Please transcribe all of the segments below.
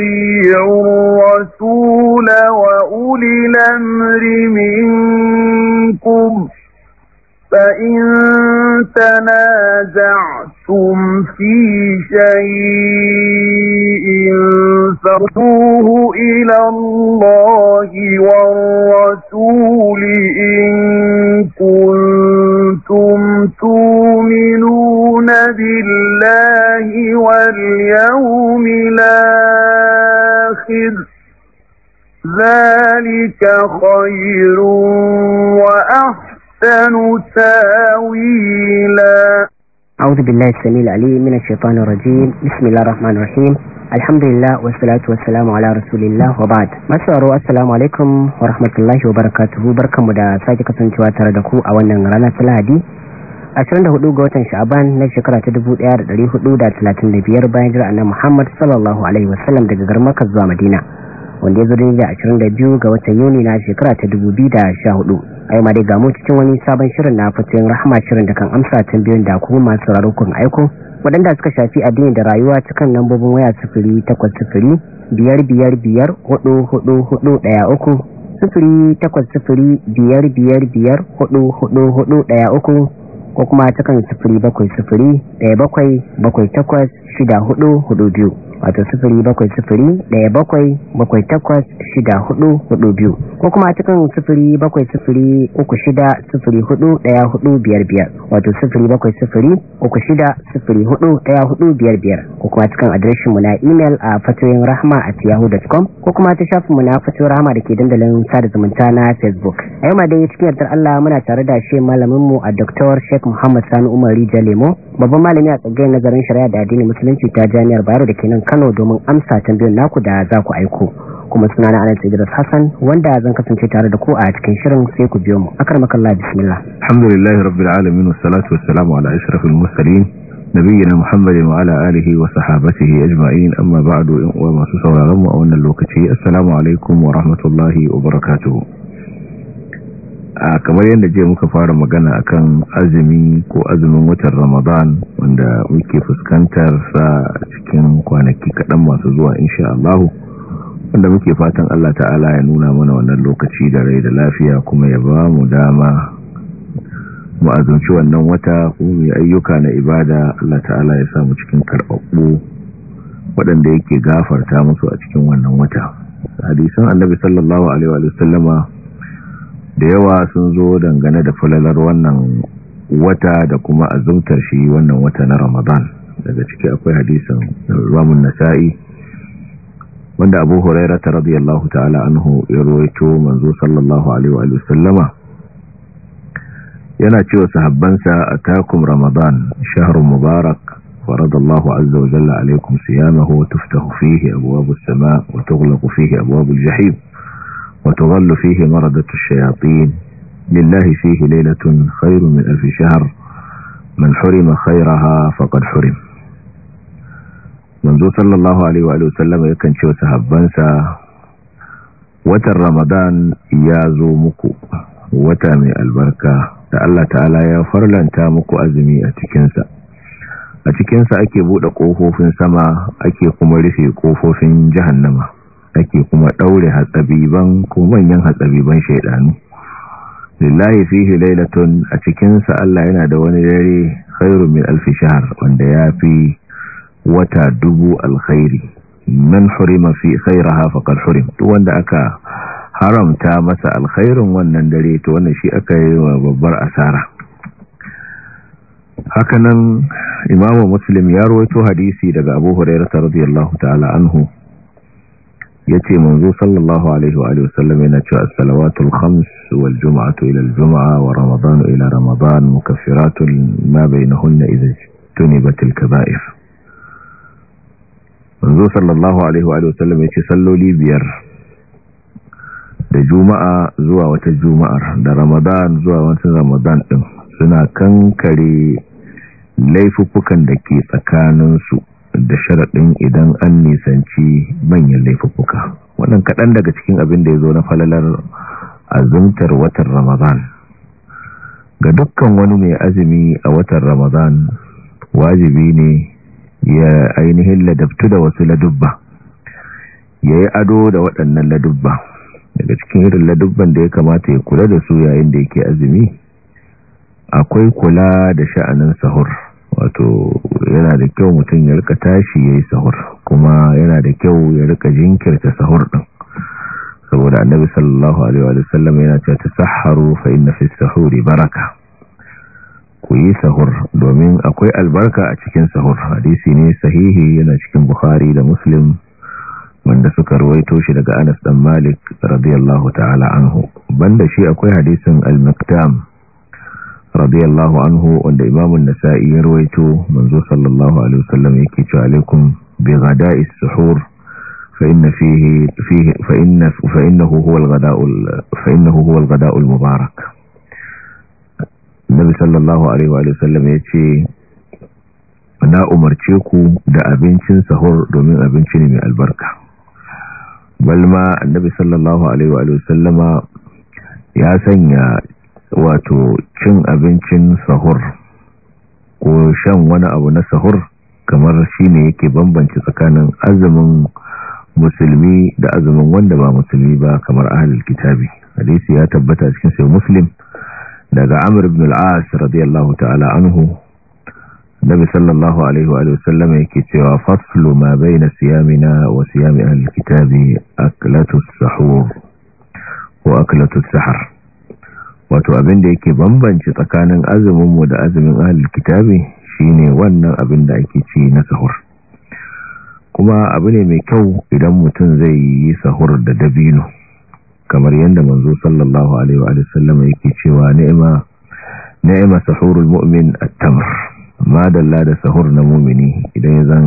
وأطيعوا الرسول وأولي الأمر منكم فإن تنازعتم في شيء فارجعوا خير وأحسن تاويلا أعوذ بالله السميع العليم من الشيطان الرجيم بسم الله الرحمن الرحيم alhamdulillah wassalatu wassalamu ala rasulillah wa ba'd masaro assalamu alaikum wa rahmatullahi wa barakatuhu barkanmu da sake kasancewa tare da ku a wannan rana ta Lahadi 24 ga watan Sha'aban na shekara ta 1435 bayan jira annabi Muhammad sallallahu alaihi wasallam daga garin Makka zuwa Madina wanda ya zo da ashirin da biyu ga watan yuni na shekara ta dubu biyu da sha hudu a yau ma dai gamu cikin wani sabon shirin na fatoyin rahama shirin da kan amsa tambayoyin da kuma masu sauraro kun aiko waɗanda suka shafi addini da rayuwa cikin lambobin waya sufuri takwas sufuri biyar biyar biyar hudu hudu hudu ɗaya uku Sufuri takwas sufuri biyar biyar biyar hudu hudu hudu ɗaya uku ko kuma cikin sufuri bakwai sufuri ɗaya bakwai bakwai takwas shida hudu hudu biyu wato sufuri bakwai sufuri daya bakwai bakwai takwas shida hudu hudu biyu ko kuma a cikin sufuri bakwai sufuri uku shida sufuri hudu daya hudu biyar biyar wato sufuri bakwai sufuri uku shida sufuri hudu daya hudu biyar biyar ko kuma cikin adireshinmu na imel a fatoyin rahama at yahoo.com ko kuma ta shafinmu na fatoyin rahama da ke dandalin sada zumunta na facebook a yau ma dai cikin yardar allah muna tare da shi malaminmu a dr Sheik muhammad sani umar rijalemo babban malami a tsagayen nazarin shari'a da addinin musulunci ta jami'ar bayar da ke nan Kano domin amsa tambayar naku da za ku aiko kuma suna na Anas Idris Hassan wanda zan kasance tare da ku a cikin shirin sai ku biyo mu akarmakallah bismillah alhamdulillahi rabbil alamin wassalatu wassalamu ala ashrafil mursalin nabiyina muhammadin wa ala alihi wa sahbatihi ajma'in amma ba'du in uwa masu sauraron mu a wannan lokaci assalamu alaikum wa rahmatullahi wa barakatuh a kamar yadda je muka fara magana a kan azumi ko azumin watan ramadan wanda muke fuskantar sa cikin kwanaki kaɗan masu zuwa insha Allah wanda muke fatan Allah ta'ala ya nuna mana wannan lokaci da rai da lafiya kuma ya ba mu dama mu azumci wannan wata kuma ya ayyuka na ibada Allah ta'ala ya samu cikin karɓaɓɓu waɗanda yake gafarta musu a cikin wannan wata hadisan annabi sallallahu alaihi wa sallama da yawa sun zo dangane da falalar wannan wata da kuma azumtar shi wannan wata na ramadan daga ciki akwai hadisin ramun nasa'i wanda abu huraira ta radiyallahu ta'ala anhu ya rawaito manzo sallallahu alaihi wa sallama yana cewa sahabbansa atakum ramadan shahrun mubarak farada Allah azza wa jalla alaikum siyamahu wa tuftahu fihi abwabus sama wa tughlaqu fihi abwabul jahim وتظل فيه مردة الشياطين لله فيه ليلة خير من ألف شهر من حرم خيرها فقد حرم منذ صلى الله عليه وآله وسلم يكن شو سهبانسا وتر رمضان يازو مكو وتامي البركة تألا تعالى يا فرلان تامكو أزمي أتكنسا أتكنسا أكي بودا قوفو في السماء أكي قمري في قوفو في جهنمه ake kuma daure hatsabiban ko manyan hatsabiban shaidanu lillahi fihi lailatun a cikin sa Allah yana da wani dare khairu min alf shahr wanda yafi wata dubu alkhairi man hurima fi khairaha faqad hurim To wanda aka haramta masa alkhairin wannan dare to wannan shi aka yi wa babbar asara Haka hakanan imamu muslim ya rawaito hadisi daga abu hurairah radiyallahu ta'ala anhu yace manzo sallallahu alaihi wa alihi yana cewa salawatul khams wal jum'atu ila al-jum'a wa ramadan ila ramadan mukaffiratun ma bainahunna idza tunibatil kaba'ir manzo sallallahu alaihi wa alihi yace salloli biyar da juma'a zuwa wata juma'ar da ramadan zuwa wata ramadan din suna kankare laifuffukan da ke tsakaninsu da sharaɗin idan an nisanci manyan laifuka wannan kaɗan daga cikin abin da ya zo na falalar azumtar watan ramadan ga dukkan wani mai azumi a watan ramadan wajibi ne ya ainihin ladabtu da wasu ladubba ya yi ado da waɗannan ladubba daga cikin irin ladubban da ya kamata ya kula da su yayin da yake azumi akwai kula da sha'anin sahur wato yana da kyau mutum ya rika tashi ya yi sahur kuma yana da kyau ya rika jinkirta sahur ɗin saboda annabi sallallahu alaihi wa sallam yana cewa tasahharu fa inna fi sahuri baraka ku yi sahur domin akwai albarka a cikin sahur hadisi ne sahihi yana cikin bukhari da muslim wanda suka ruwaito shi daga anas dan malik radiyallahu ta'ala anhu banda shi akwai hadisin al-maqdam radiyallahu anhu wanda imamu nasa'i ya rawaito manzo sallallahu alaihi wasallam yake cewa alaikum bi ghada'i suhur fa inna fihi fihi fa inna fa innahu huwa al-ghada'u fa innahu huwa al-ghada'u al-mubarak nabi sallallahu alaihi wa sallam yace na umarce ku da abincin sahur domin abinci ne mai albarka balma annabi sallallahu alaihi wa sallama ya sanya wato cin abincin sahur ko shan wani abu na sahur kamar shi ne yake bambanci tsakanin azumin musulmi da azumin wanda ba musulmi ba kamar ahalul kitabi hadisi ya tabbata cikin sai muslim daga amir ibn al radiyallahu ta'ala anhu nabi sallallahu alaihi wa sallam yake cewa faslu ma baina siyamina wa siyami ahlul kitabi aklatu sahur wa aklatu sahar wato abin da yake bambanci tsakanin azumin mu da azumin ahlul kitabi shine wannan abin da ake ci na sahur kuma abu ne mai kyau idan mutum zai yi sahur da dabino kamar yadda manzo sallallahu alaihi wa sallam yake cewa ni'ima ni'ima sahurul mu'min at-tamr madalla da sahur na mu'mini idan ya zan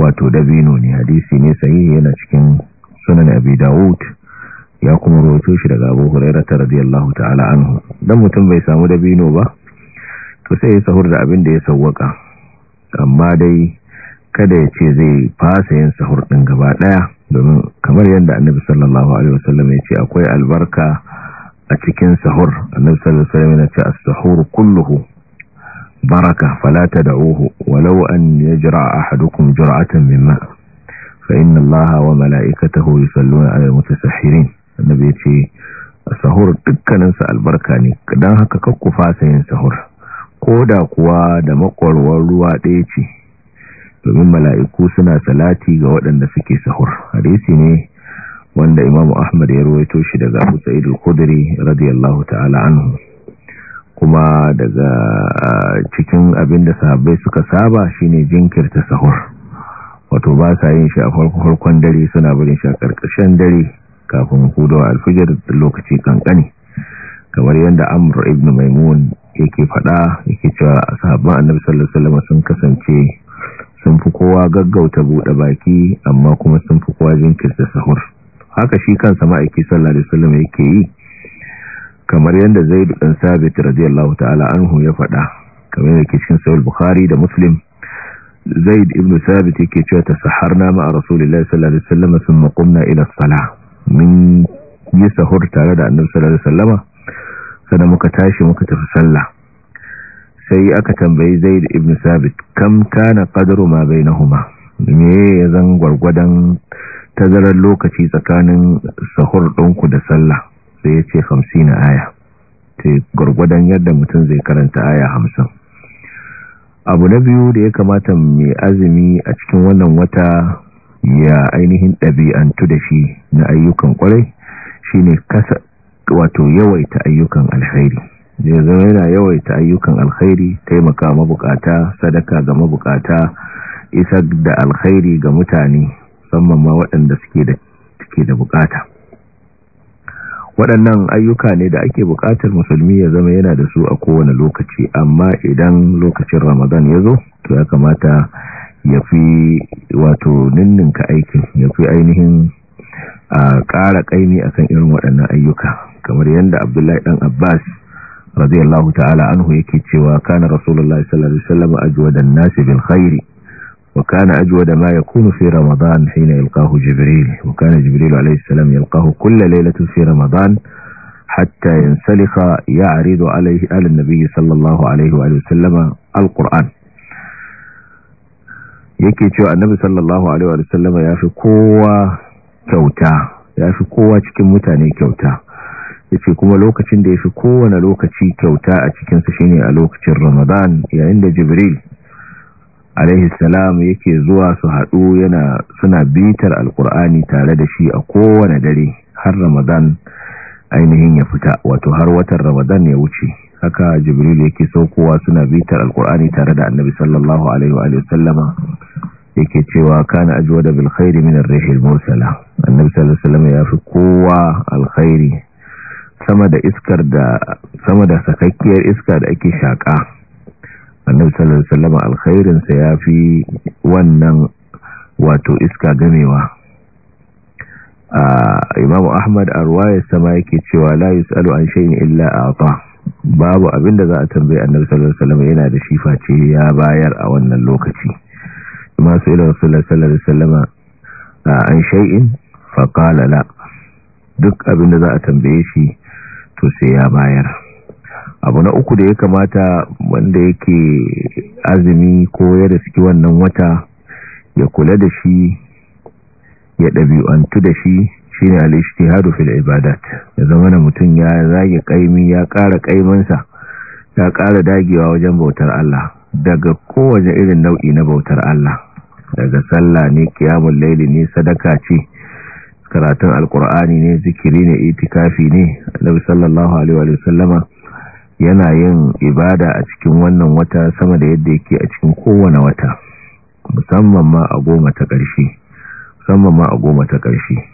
wato dabino ne hadisi ne sahihi yana cikin sunan abi daud ya kuma rawaito shi daga Abu Hurairah radiyallahu ta'ala anhu dan mutum bai samu dabino ba to sai ya sahur da abin da ya sawwaka amma dai kada ya ce zai fasa yin sahur ɗin gaba ɗaya domin kamar yadda Annabi sallallahu alaihi wasallam ya ce akwai albarka a cikin sahur Annabi sallallahu alaihi wasallam ya ce as-sahur kulluhu baraka fala tad'uhu walau an yajra ahadukum jur'atan mimma فإن الله وملائكته يصلون على المتسحرين annabi ya ce sahur dukkaninsa albarka ne don haka ku fasa yin sahur ko da kuwa da makwarwar ruwa ɗaya ce domin mala'iku suna salati ga waɗanda suke sahur hadisi ne wanda Imam ahmad ya ruwaito shi daga abu sa'id al-khudri radiyallahu ta'ala anhu kuma daga cikin abin da sahabbai suka saba shine jinkirta sahur wato ba sa yin shi a farkon dare suna barin shi a ƙarƙashin dare kafin hudawar alfijar da lokaci kankani kamar yadda amur ibn maimun yake fada yake cewa sahabban annabi sallallahu alaihi wasallam sun kasance sun fi kowa gaggauta bude baki amma kuma sun fi kowa jinkirta sahur haka shi kansa ma'aiki sallallahu alaihi wasallam yake yi kamar yadda zaid bin sabit radiyallahu ta'ala anhu ya fada kamar yake cikin sahih bukhari da muslim zaid ibn sabit yake cewa tasaharna ma'a rasulillahi sallallahu alaihi wasallam thumma qumna ila as-salah Mun yi sahur tare da annabi sallallahu alaihi wasallama sannan muka tashi muka tafi sallah sai aka tambayi zaid ibn sabit kam kana qadru ma bainahuma me ya zan gwargwadon tazarar lokaci tsakanin sahur ɗinku da sallah sai ya ce 50 aya Sai gurgudan yadda mutum zai karanta aya 50 abu na biyu da ya kamata mai azumi a cikin wannan wata ya ainihin ɗabi'antu da shi na ayyukan ƙwarai, shi ne kasa wato yawaita ayyukan alkhairi ya zama yana yawaita ayyukan alkhairi taimaka mabukata sadaka ga mabukata isa da alkhairi ga mutane musamman ma waɗanda suke da suke bukata waɗannan ayyuka ne da ake buƙatar musulmi ya zama yana da su a kowane lokaci amma idan lokacin ramadan ya zo to ya kamata ya fi wato ninninka aikin ya fi ainihin a ƙara ƙaimi akan irin waɗannan ayyuka kamar yadda abdullahi ɗan abbas radiyallahu ta'ala anhu yake cewa kana rasulullahi sallallahu alaihi wasallam ajwadan nas bil khair wa kana ajwada ma yakunu fi ramadan hina yalqahu jibril wa kana jibril alaihi salam yalqahu kull laylatin fi ramadan hatta yansalikha ya'ridu alaihi ala an-nabi sallallahu alaihi wa sallama al-qur'an yake cewa annabi sallallahu alaihi wa sallama ya fi kowa kyauta ya fi kowa cikin mutane kyauta yace kuma lokacin da yafi kowane lokaci kyauta a cikinsu shine a lokacin ramadan yayin da jibril alaihi salam yake zuwa su haɗu yana suna bitar alkur'ani tare da shi a kowane dare har ramadan ainihin ya fita wato har watan ramadan ya wuce haka jibril yake saukowa suna bitar alkur'ani tare da annabi sallallahu alaihi wa sallama yake cewa kana ajwada bil khairi min ar-rihil mursala annabi sallallahu alaihi wa ya fi kowa alkhairi sama da iskar da sama da sakakkiyar iska da ake shaka annabi sallallahu alaihi wa wasallam alkhairin sa yafi wannan wato iska gamewa ah, imamu ahmad a ya sama yake cewa la yusalu an shay'in illa ata babu abin da za a tambaye annabi sallallahu alaihi wasallam yana da shi face ya bayar a wannan lokaci kuma sai da rasulullahi sallallahu alaihi wasallama an shay'in fa qala la duk abin da za a tambaye shi to sai ya bayar abu na uku da ya kamata wanda yake azumi ko ya suke wannan wata ya kula da shi ya ɗabi'antu da shi ne alishti hadu fil ibadat ya zama da mutum ya zage kaimi ya ƙara kaimansa ya ƙara dagewa wajen bautar Allah daga kowace irin nau'i na bautar Allah daga sallah ne kiyamul laili ne sadaka ce karatun alkur'ani ne zikiri ne itikafi ne Allah sallallahu alaihi wa sallama yana yin ibada a cikin wannan wata sama da yadda yake a cikin kowane wata musamman ma a goma ta ƙarshe musamman ma a goma ta ƙarshe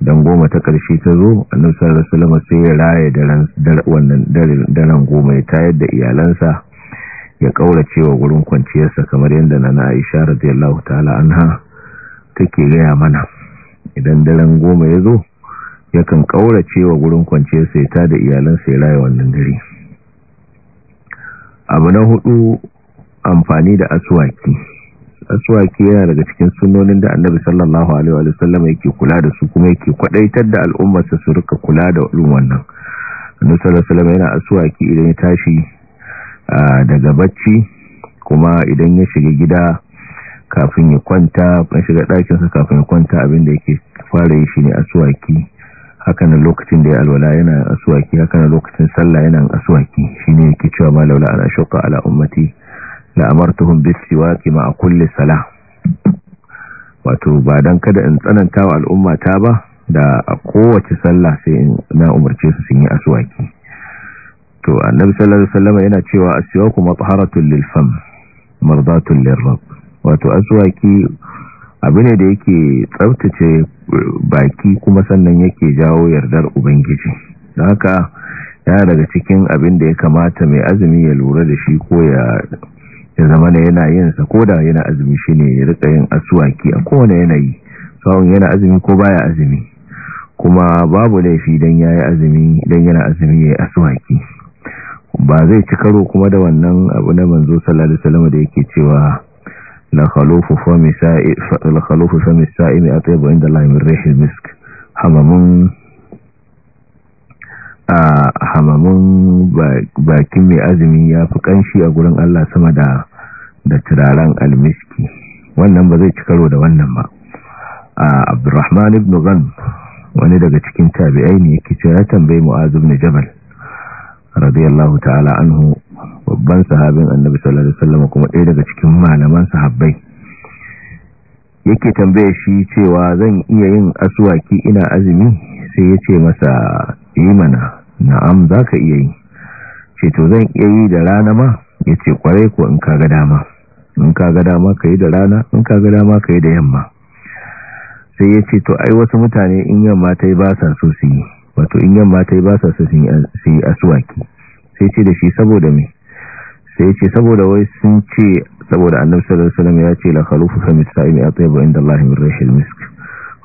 dan goma ta ƙarshe ta zo a sallallahu sai ya raye da wannan daren goma ya tayar da iyalansa ya ƙauracewa cewa wurin kwanciyarsa kamar yadda na da Aisha radiyallahu ta'ala ta ke gaya mana idan daren goma ya zo yakan ƙaura cewa wurin kwanciyarsa ya ta da iyalansa ya raye wannan dare abu na hudu amfani da asuwaki. aswaki yana daga cikin sunonin da annabi sallallahu alaihi wa sallam yake kula da su kuma yake kwadaitar da al'ummarsa su rika kula da irin wannan annabi sallallahu alaihi wa sallam yana aswaki idan ya tashi daga bacci kuma idan ya shiga gida kafin ya kwanta ban shiga ɗakinsa kafin ya kwanta abin abinda yake fara yi shi ne aswaki hakan lokacin da ya alwala yana aswaki hakan lokacin sallah yana aswaki shine yake cewa ma ana shauka ala ummati la amartuhum bis siwaki ma kulli salah wato ba dan kada in tsananta wa al'ummata ba da a kowace sallah sai in na umarce su sun yi aswaki to annabi sallallahu alaihi wasallam yana cewa aswaku mataharatul lil fam lir lirabb wato aswaki abu ne da yake tsaftace baki kuma sannan yake jawo yardar ubangiji haka yana daga cikin abin da ya kamata mai azumi ya lura da shi ko ya ya zama yana yin sa ko da yana azumi shine ya rika yin asuwaki a kowane yanayi tsawon yana azumi ko baya azumi kuma babu laifi dan yayi azumi dan yana azumi yayi asuwaki ba zai ci karo kuma da wannan abu na manzo sallallahu alaihi da yake cewa la khalufu fami sa'i la khalufu fami sa'i mi atayyibu inda min rihil misk hamamun bakin mai azumi ya fi kanshi a gurin Allah sama da da turaren almiski wannan ba zai ci karo da wannan ba a abdurrahman ibn ghanm wani daga cikin tabi'ai ne yake cewa ya tambayi mu'az ibn jabal radiyallahu ta'ala anhu babban sahabin annabi sallallahu alaihi wasallam kuma ɗaya daga cikin malaman sahabbai yake tambaye shi cewa zan iya yin aswaki ina azumi sai ya ce masa imana eh mana na'am zaka iya yi ce to zan iya yi da rana ma yace kwarai ko in kaga dama in ka ga dama ka yi da rana in ka ga dama ka yi da yamma sai ya ce to ai wasu mutane in yamma ta yi ba sa so su yi wato in yamma ta yi ba sa so su yi asuwaki sai ce da shi saboda mai sai ce saboda wai sun ce saboda annabi sallallahu alaihi ya ce la khalufu fa misaimi ba inda Allah min rashin misk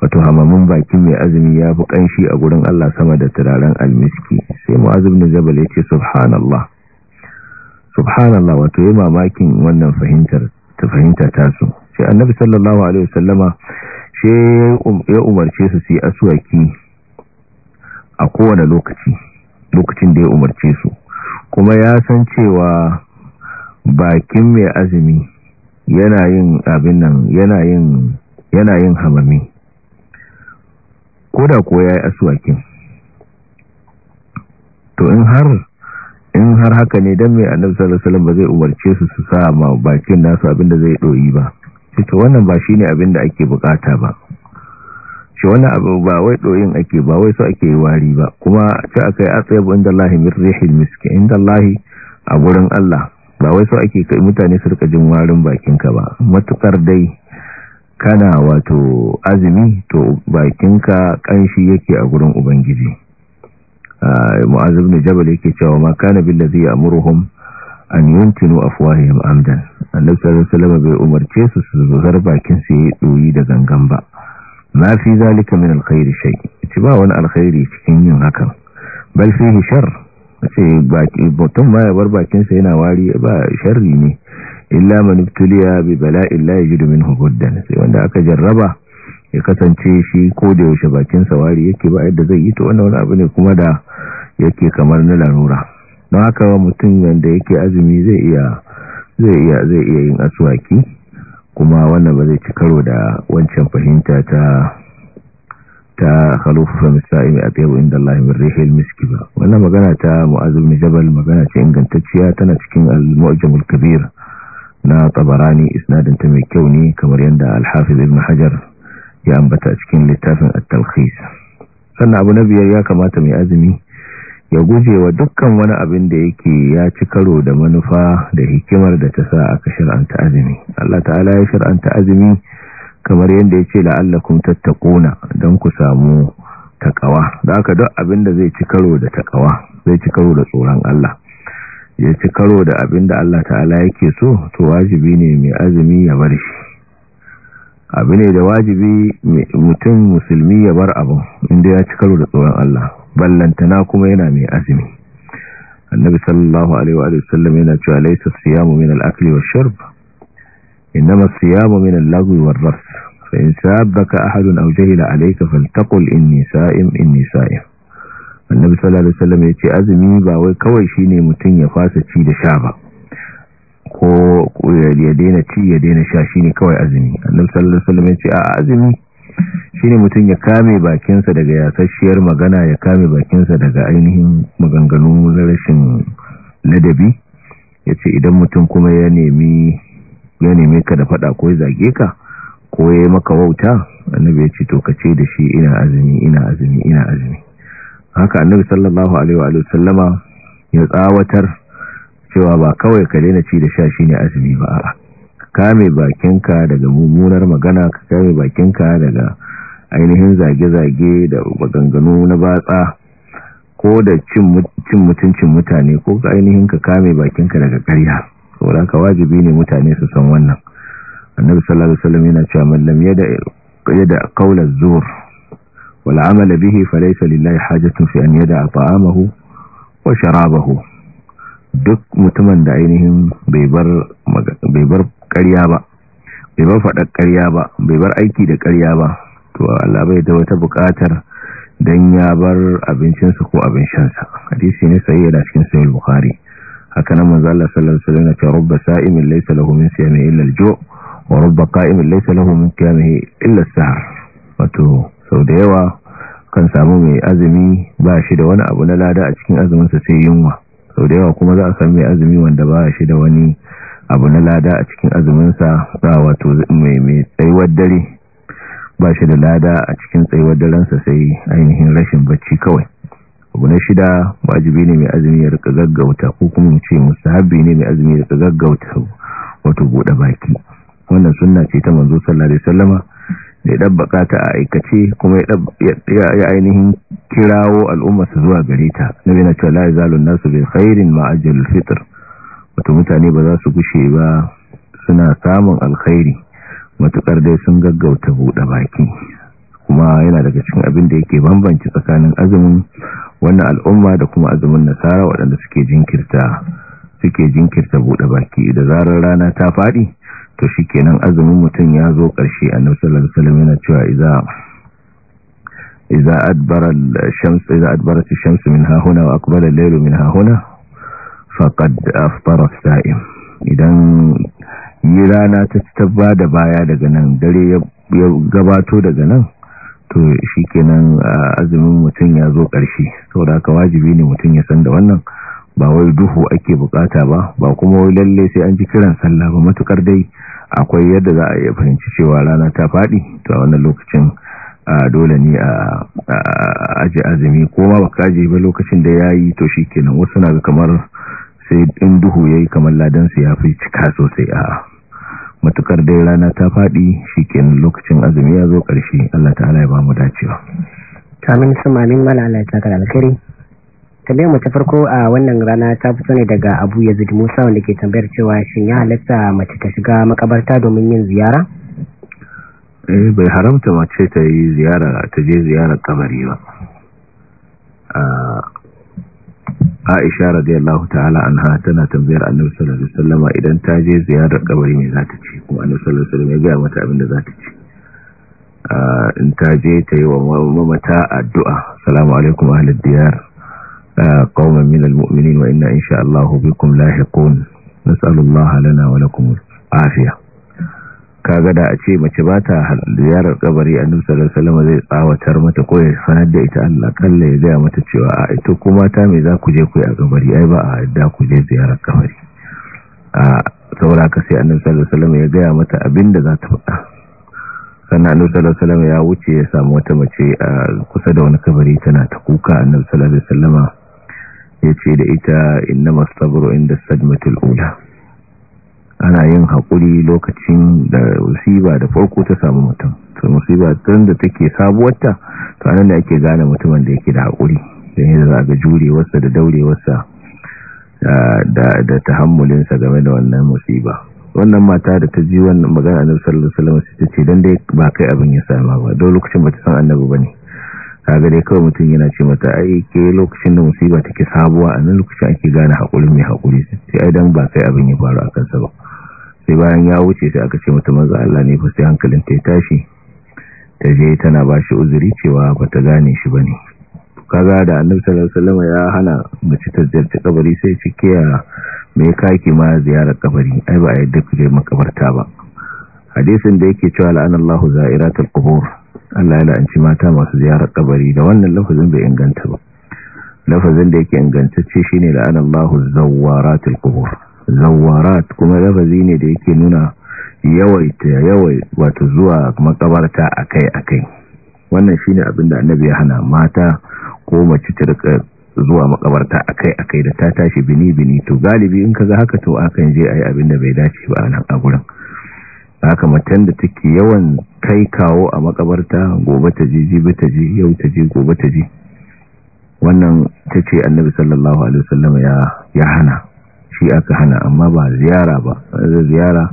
wato hamamun bakin mai azumi ya fi kanshi a gurin Allah sama da turaren almiski sai mu'azib ibn jabal ya ce subhanallah subhanallah wato yi mamakin wannan fahimtar ta fahimta tasu shi annabi sallallahu alaihi wasallama shi ya um, umarce su sai aswaki a kowane lokaci lokacin da ya umarce su kuma ya san cewa bakin mai azumi yana yin abin nan yana yin yana yin hamami koda ko yi aswakin to in har in har haka ne dan mai annabi sallallahu alaihi wasallam ba zai umarce su su sa ma bakin nasu abinda zai doyi ba to wannan ba shine abinda ake bukata ba shi wannan abu ba wai doyin ake ba wai so ake wari ba kuma ta akai atsayabu inda Allah min rihil miski inda Allah a gurin Allah ba wai so ake kai mutane su rika jin warin bakin ka ba matukar dai kana wato azumi to bakinka kanshi yake a gurin ubangiji mu'az ibn jabal yake cewa ma kana billazi ya'muruhum an yuntinu afwahihim amdan annabi sallallahu alaihi wasallam bai umarce su su zubar bakin su yi doyi da gangan ba ma fi zalika min alkhair shay ci ba wani alkhairi cikin yin hakan bal fihi shar ce baki mutum ma ya bar bakin sa yana wari ba sharri ne illa man ibtuliya bi bala'i la yajidu minhu buddan sai wanda aka jarraba ya kasance shi ko da yaushe bakin sawari yake ba yadda zai yi to wannan wani abu ne kuma da yake kamar na larura don haka mutum yadda yake azumi zai iya zai iya zai iya yin asuwaki kuma wannan ba zai ci karo da wancan fahimta ta ta misali misa'imi a tebu inda Allah min rihil miski ba wannan magana ta mu'azz bin jabal magana ce ingantacciya tana cikin al-mu'jam kabir na tabarani isnadin ta mai kyau ne kamar yadda al-hafiz ibn hajar ya ambata cikin littafin at-talkhis sannan abu na biyar ya kamata mai azumi ya guje wa dukkan wani abin da yake ya ci karo da manufa da hikimar da ta sa aka shir'anta azumi Allah ta'ala ya shir'anta azumi kamar yadda ya ce la'allakum tattaquna don ku samu takawa da haka duk abin da zai ci karo da takawa zai ci karo da tsoron Allah ya ci karo da abin da Allah ta'ala yake so to wajibi ne mai azumi ya bar shi abu ne da wajibi mutum musulmi ya bar abu inda ya ci karo da tsoron Allah ballantana kuma yana mai azumi annabi sallallahu alaihi wa sallam yana cewa laysa siyamu min al-akli wash-shurb inma siyamu min al-lagwi war-raff fa in sabaka ahadun aw jahila alayka faltaqul inni sa'im inni sa'im annabi sallallahu alaihi wa sallam yace azumi ba wai kawai shine mutum ya fasa ci da sha ba ko ya daina ci ya daina sha shi ne kawai azumi annabi sallallahu alaihi wasallam ya ce a azumi shine mutum ya kame bakinsa daga yasasshiyar magana ya kame bakinsa daga ainihin maganganu rashin ladabi yace idan mutum kuma ya nemi ya neme ka da fada ko zage ka ko yayi maka wauta annabi ya ce to kace da shi ina azumi ina azumi ina azumi haka annabi sallallahu alaihi wa sallama ya tsawatar cewa ba kawai ka daina ci da sha shine azumi ba a'a kame bakinka daga mummunar magana ka kame bakinka daga ainihin zage-zage da maganganu na batsa ko da cin mutuncin mutane ko ka ainihin ka kame bakinka daga ƙarya saboda ka wajibi ne mutane su san wannan annabi sallallahu alaihi wasallam yana cewa man lam yada yada qawla zur wal amala bihi falaysa lillahi hajatun fi an yada ta'amahu wa sharabahu duk mutumin da ainihin bai bar ƙarya ba bai bar faɗa ƙarya ba bai bar aiki da ƙarya ba to Allah bai da wata buƙatar dan ya bar abincinsa ko abin shansa hadisi ne sai yana cikin sahih bukhari haka nan manzo Allah sallallahu alaihi wasallam ya ce rubba sa'imin laysa lahu min siyami illa al-ju' wa rubba qa'imin laysa lahu min qiyamihi illa as-sahar wato sau da yawa kan samu mai azumi ba shi da wani abu na lada a cikin sa sai yunwa sau da yawa kuma za a sami azumi wanda ba shi da wani abu na lada a cikin azuminsa ba wato mai tsaiwar dare ba shi da lada a cikin tsaiwar darensa sai ainihin rashin bacci kawai abu na shida wajibi ne mai azumi ya rika gaggauta ko kuma ce musahabi ne mai azumi ya rika gaggauta wato buɗe baki wannan sunna ce ta manzo sallallahu alaihi wasallama ya dabbaka ta a aikace kuma ya ainihin kirawo su zuwa gare ta na bina cewa la zalun nasu bai khairin ma'ajiyar fitr wato mutane ba za su gushe ba suna samun alkhairi matukar dai sun gaggauta buɗe baki kuma yana daga cikin abin da yake bambanci tsakanin azumin wannan al'umma da kuma azumin nasara waɗanda suke jinkirta suke jinkirta buɗe baki da zarar rana ta faɗi to shikenan azumin mutum ya zo ƙarshe a sallallahu alaihi wasallam yana cewa iza iza adbara al-shams min hahuna wa aqbala al-layl min hahuna faqad aftara as-sa'im idan yi rana ta tabba da baya daga nan dare ya gabato daga nan to shi kenan azumin mutum ya zo ƙarshe saboda aka wajibi ne mutum ya san da wannan ba wai duhu ake bukata ba ba kuma wai lalle sai an ji kiran sallah ba matukar dai akwai yadda za a iya fahimci cewa rana ta faɗi to a wannan lokacin dole ne a aji azumi ko ma kaji ba lokacin da ya yi to shi kenan wasu na kamar sai in duhu ya yi kamar ladansu ya fi cika sosai a matukar dai rana ta faɗi shi kenan lokacin azumi ya zo ƙarshe allah ta'ala ya ba mu dacewa tamin samanin malala ta tambayar mu ta farko a wannan rana ta fito ne daga abu yazid musa wanda ke tambayar cewa shi ya halatta mace ta shiga makabarta domin yin ziyara eh bai haramta mace ta yi ziyara ta je ziyara kabari ba aisha radiyallahu ta'ala hata tana tambayar annabi sallallahu alaihi idan ta je ziyarar kabari mai za ci kuma annabi sallallahu alaihi wasallam ya ga mata abin da za ta ci in ta je ta yi wa mamata addu'a salamu alaikum ahlid diyar قوما من المؤمنين وإنا إن شاء الله بكم لاحقون نسأل الله لنا ولكم العافية kaga da a ce mace ba ta ziyarar kabari a nufisar salama zai tsawatar mata ko ya sanar da ita allah kalla ya zaya mata cewa a ita kuma ta mai za ku je ku a kabari ai ba a da ku je ziyarar kabari a saboda ka sai a sallallahu alaihi ya gaya mata abin da za ta faɗa sannan annabi sallallahu alaihi ya wuce ya samu wata mace a kusa da wani kabari tana ta kuka a sallallahu alaihi ya ce da ita inna masabru inda sadmatul ula ana yin haƙuri lokacin da musiba da farko ta samu mutum to musiba tun da take sabuwarta to anan da ake gane mutumin da yake da haƙuri don yadda za ga jurewarsa da daurewarsa da tahammulinsa game da wannan musiba wannan mata da ta ji wannan magana annabi sallallahu alaihi wasallam sai ta ce dan dai ba kai abin ya sama ba don lokacin ba ta san annabi bane kaga dai kawai mutum yana ce mata ai ke lokacin da musiba take sabuwa a nan lokacin ake gane haƙuri mai haƙuri sai ai dan ba sai abin ya faru a kansa ba sai bayan ya wuce sai aka ce mata manzo Allah ne fa sai hankalin ta tashi ta je tana ba shi uzuri cewa ba ta gane shi bane kaga da annabi sallallahu alaihi ya hana mace ta ziyarci kabari sai cike ya me kake ma ziyarar kabari ai ba a yadda kuje makabarta ba hadisin da yake cewa la'anallahu za'iratul qubur Allah ya la'anci mata masu ziyarar kabari da wannan lafazin bai inganta ba lafazin da yake ingantacce shine la'ana Allahu zawwaratul qubur zawwarat kuma lafazi ne da yake nuna yawaita yawai wato zuwa makabarta akai-akai wannan shine abin da annabi ya hana mata ko mace ta rika zuwa makabarta akai-akai da ta tashi bini-bini to galibi in kaga haka to akan je ayi abin da bai dace ba nan a gurin haka matan da take yawan kai kawo a makabarta gobe ta ji jibi ta ji yau ta ji gobe ta ji wannan tace annabi sallallahu alaihi wasallam ya hana shi aka hana amma ba ziyara ba ziyara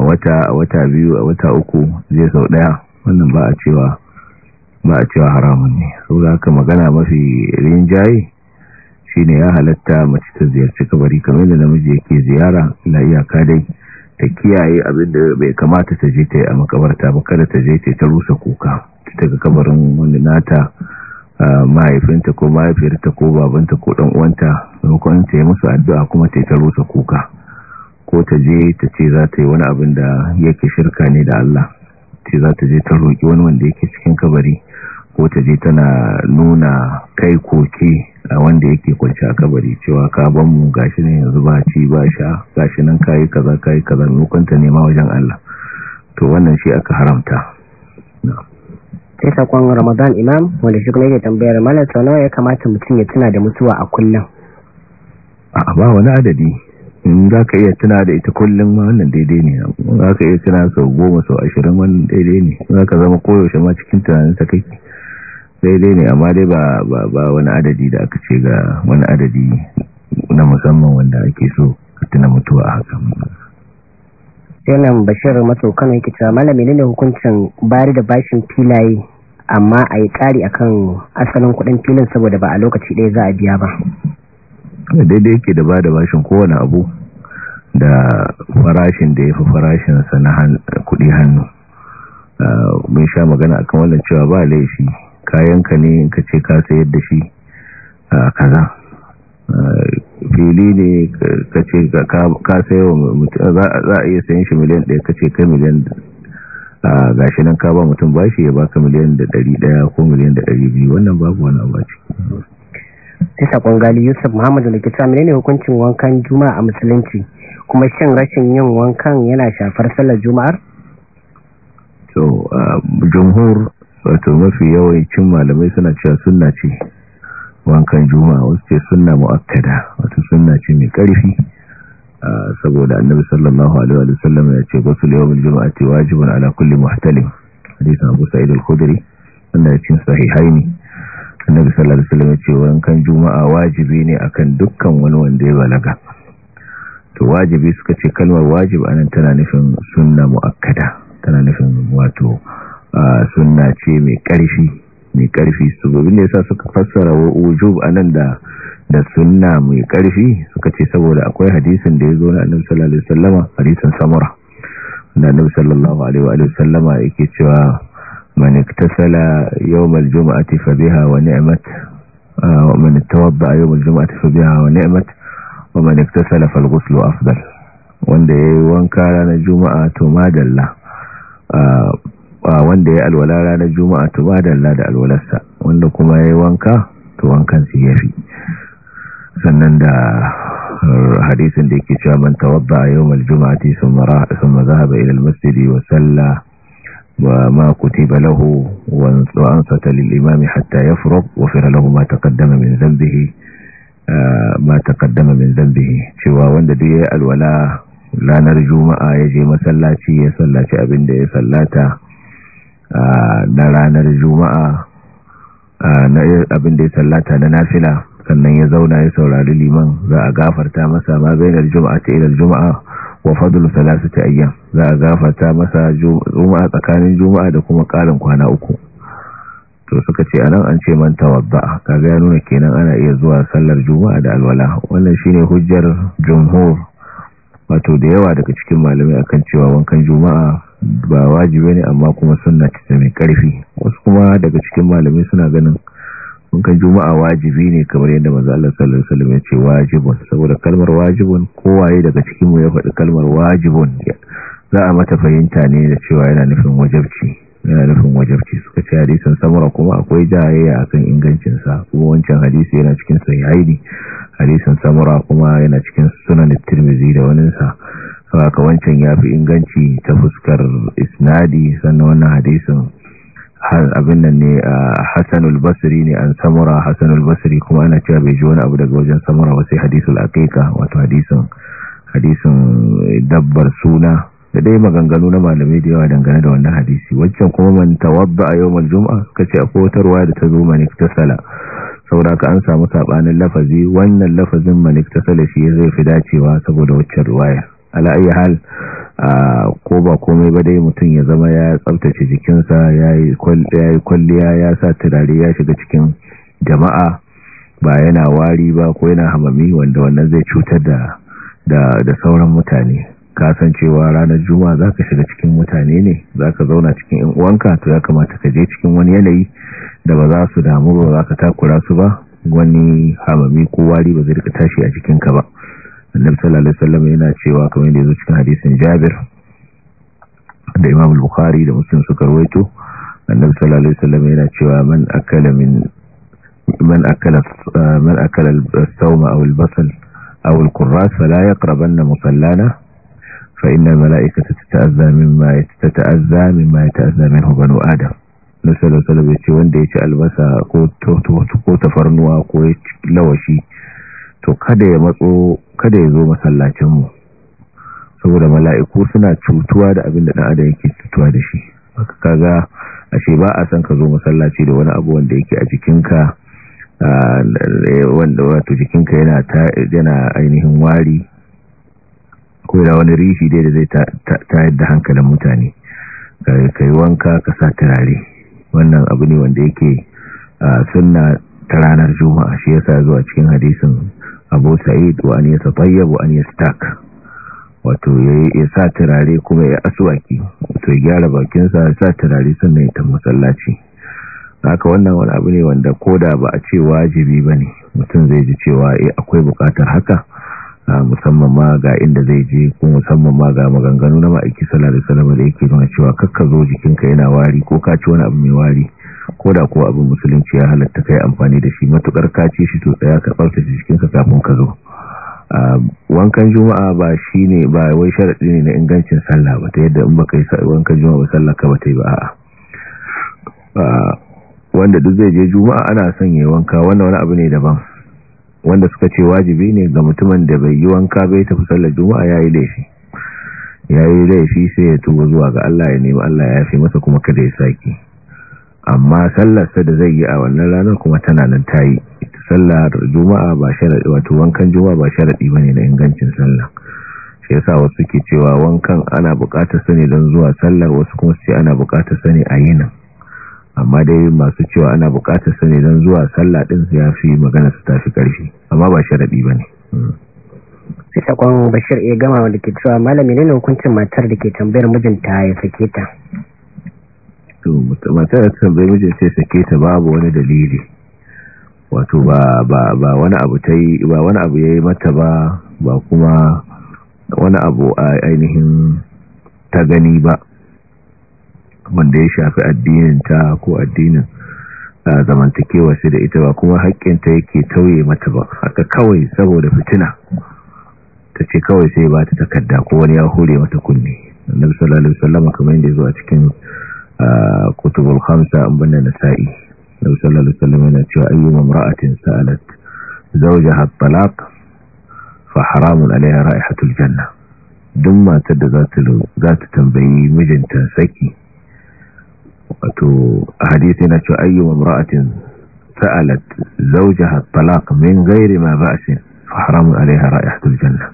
a wata a wata biyu a wata uku zai sau daya wannan ba a cewa ba a cewa haramun ne saboda haka magana mafi rinjaye shine ya halatta mace ta ziyarci kabari kamar da namiji yake ziyara ila iyaka dai ta kiyaye abin da bai kamata ta je ta yi a makabarta ba kada ta je ta rusa kuka daga kabarin wani nata mahaifinta ko mahaifiyarta ko babanta ko dan uwanta maimakon ta yi musu addu'a kuma ta ta rusa kuka ko ta je ta ce za ta yi wani abin da yake shirka ne da Allah ce za ta je ta roki wani wanda yake cikin kabari ko ta je tana nuna kai koke A wanda yake kwanci a kabari cewa kabanmu mu gashi ne yanzu ba ci ba sha gashi nan kayi kaza kayi kaza nukunta nema wajen Allah to wannan shi aka haramta sai sakon ramadan imam wanda shi kuma yake tambayar mana nawa ya kamata mutum ya tuna da mutuwa a kullum a ba wani adadi in za ka iya tuna da ita kullum wannan daidai ne za ka iya tuna sau goma sau ashirin wannan daidai ne za ka zama koyaushe ma cikin tunanin ta daidai ne amma dai ba wani adadi da aka ce ga wani adadi na musamman wanda ake so ka tuna mutuwa a haka yanan bashir maso kano yake cewa malami ne hukuncin bari da bashin filaye amma a yi ƙari akan asalin kudin filin saboda ba a lokaci ɗaya za a biya ba daidai yake da ba da bashin kowane abu da farashin da ya fi farashinsa na kuɗi hannu ah, mun sha magana akan wannan cewa ba laifi kayanka ne in ka ce ka sayar da shi a kaza fili ne ka ce ka sayo za a iya sayan shi miliyan ɗaya ka ce ka miliyan a gashi nan ka ba mutum bashi ya baka miliyan da dari daya ko miliyan da dari biyu wannan babu wani abaci. ce sai sakon gali yusuf muhammadu da ke ne hukuncin wankan juma'a a musulunci kuma shan rashin yin wankan yana shafar sallar juma'ar to jumhur wato mafi yawancin malamai suna cewa sunna ce wankan juma'a wasu ce sunna mu'akkada wato sunna ce mai karfi saboda annabi sallallahu alaihi wa sallam ya ce ghusl yawmil juma'ati wajibun ala kulli muhtalim hadith Abu Sa'id al-Khudri wanda cikin sahihaini annabi sallallahu alaihi wa sallam ya ce wankan juma'a wajibi ne akan dukkan wani wanda ya balaga to wajibi suka ce kalmar wajibi anan tana nufin sunna mu'akkada tana nufin wato sunna ce mai ƙarfi mai ƙarfi gobe da sa suka fassara wa wujub a nan da sunna mai ƙarfi suka ce saboda akwai hadisun da ya zo na annabi sallallahu alaihi wasallama hadisin samura na annabi sallallahu alaihi wa sallama yake cewa man iktasala yawm aljum'ati fa biha wa ni'mat wa man tawadda yawm aljum'ati fa biha wa ni'mat wa man iktasala fal ghuslu afdal wanda yayi wanka ranar juma'a to madalla wanda ya alwala ranar juma'a to ba dalla da alwalarsa wanda kuma ya yi wanka to wankan su yafi sannan da hadisin da yake cewa man tawadda yawmal juma'ati thumma dhahaba ila al-masjid wa salla wa ma kutiba lahu wa ansata lil imami hatta yafruq wa fira lahu ma taqaddama min dhanbihi ma taqaddama min dhanbihi cewa wanda duk ya alwala ranar juma'a ya je masallaci ya sallaci abin da ya sallata na ranar juma'a na abin da ya sallata na nafila sannan ya zauna ya saurari liman za a gafarta masa ma bainar juma'a ta ilar juma'a wa fadlu ta ayyan za a gafarta masa juma'a tsakanin juma'a da kuma karin kwana uku to suka ce anan an ce man tawadda kaga ya nuna kenan ana iya zuwa sallar juma'a da alwala wannan shine hujjar jumhur wato da yawa daga cikin malamai akan cewa wankan juma'a ba wajibi ne amma kuma sunna ce mai karfi wasu kuma daga cikin malamai suna ganin kan juma'a wajibi ne kamar yadda manzo Allah sallallahu alaihi wasallam ya ce wajibun saboda kalmar wajibun kowaye daga cikin mu ya faɗi kalmar wajibun za a mata fahimta ne da cewa yana nufin wajibci yana nufin wajibci suka ce hadisin samura kuma akwai jayayya akan ingancin sa kuma wancan hadisi yana cikin sahihaini hadisin samura kuma yana cikin sunan tirmidhi da wani sa saka wancan ya fi inganci ta fuskar isnadi sannan wannan hadisin abin nan ne a hassanul basiri ne an samura hassanul basiri kuma ana cewa bai ji wani abu daga wajen samura wasu hadisul aqiqa wato hadisin hadisin dabbar suna da dai maganganu na malamai da yawa dangane da wannan hadisi wancan kuma man tawabba a yawmal juma'a suka ce akwai da ta zo manik ta sala saboda ka an samu saɓanin lafazi wannan lafazin manik ta sala shi zai fi dacewa saboda waccan ruwaya ala ayi hal ko ba komai ba dai mutum ya zama ya tsabtace jikinsa ya yi kwalliya ya sa turare ya shiga cikin jama'a ba yana wari ba ko yana hamami wanda wannan zai cutar da sauran mutane kasancewa ranar Juma za ka shiga cikin mutane ne za ka zauna cikin yan uwanka to ya kamata ka je cikin wani yanayi da ba za su damu ba za ka takura su ba wani hamami ko wari ba zai rika tashi a jikinka ba annabi sallallahu alaihi wasallam yana cewa kamar yadda yazo cikin hadisin Jabir da Imam Bukhari da Muslim suka rawaito annabi sallallahu alaihi wasallam yana cewa man akala min man akala man akala as-sawma aw al-basal aw al-qurras fala yaqrabanna musallana fa inna al-mala'ikata tata'azza mimma yatata'azza mimma yata'azza minhu banu adam nasallallahu alaihi wasallam ya ce wanda ya ci albasa ko ko tafarnuwa ko lawashi to kada ya matso kada ya zo masallacinmu saboda mala'iku suna cutuwa da abin da ɗan adam yake cutuwa da shi haka kaga ashe ba a san ka zo masallaci da wani abu wanda yake a jikinka wanda wato jikinka yana yana ainihin wari ko da wani rishi dai da zai tayar da hankalin mutane ka wanka ka sa turare wannan abu ne wanda yake sunna ta ranar juma'a shi yasa zuwa cikin hadisin abu sa'id wa an yatatayyab wa an yastak wato ya yi sa turare kuma ya asuwaki, wato ya gyara bakinsa ya sa turare sannan ya ta masallaci haka wannan wani abu ne wanda koda ba a ce wajibi ba ne mutum zai ji cewa eh akwai bukatar haka musamman ma ga inda zai je ko musamman ma ga maganganu na ma'aiki salari salama da yake nuna cewa kakka zo jikinka yana wari ko ka ci wani abu mai wari koda ko abin musulunci ya halatta kai amfani da shi matukar ka ce shi to tsaya ka tsaftace jikinka kafin ka zo wankan juma'a ba shine ba wai sharadi ne na ingancin sallah ba ta yadda in baka yi wankan juma'a ba sallah ka ba ta yi ba a'a wanda duk zai je juma'a ana son wanka wannan wani abu ne daban wanda suka ce wajibi ne ga mutumin da bai yi wanka bai tafi sallar juma'a yayi laifi yayi laifi sai ya tuba zuwa ga Allah ya nemi Allah ya yafe masa kuma kada ya saki amma sallarsa da zai yi a wannan ranar kuma tana nan ta yi sallar juma'a ba sharaɗi wato wankan juma'a ba sharaɗi ba ne na ingancin sallar shi yasa wasu suke cewa wankan ana buƙatar sani don zuwa sallar wasu kuma su ce ana buƙatar sani a yi nan amma dai masu cewa ana buƙatar sani don zuwa sallar ɗin ya fi magana su tafi ƙarfi amma ba sharaɗi ba ne hmm. sai sakon bashir ya gama wanda ke cewa malami ne hukuncin matar da ke tambayar mijinta ya sake ta to mata da bai mijin sai sake ta babu wani dalili wato ba ba ba wani abu tai ba wani abu yayi mata ba ba kuma wani abu a ainihin ta gani ba wanda ya shafi addinin ta ko addinin zamantakewa shi da ita ba kuma hakkin haƙƙinta yake tauye mata ba haka kawai saboda fitina ta ce kawai sai ba ta takarda ko wani ya hore mata kunne annabi sallallahu alaihi wasallam kamar yadda ya zo a cikin آه، كتب الخمسة أمبنى نسائي لو صلى الله عليه وسلم أن أتشوى أي امرأة سألت زوجها الطلاق فحرام عليها رائحة الجنة دم تد ذات, ذات تنبي مجن تنسكي حديث أن أتشوى أي امرأة سألت زوجها الطلاق من غير ما بأس فحرام عليها رائحة الجنة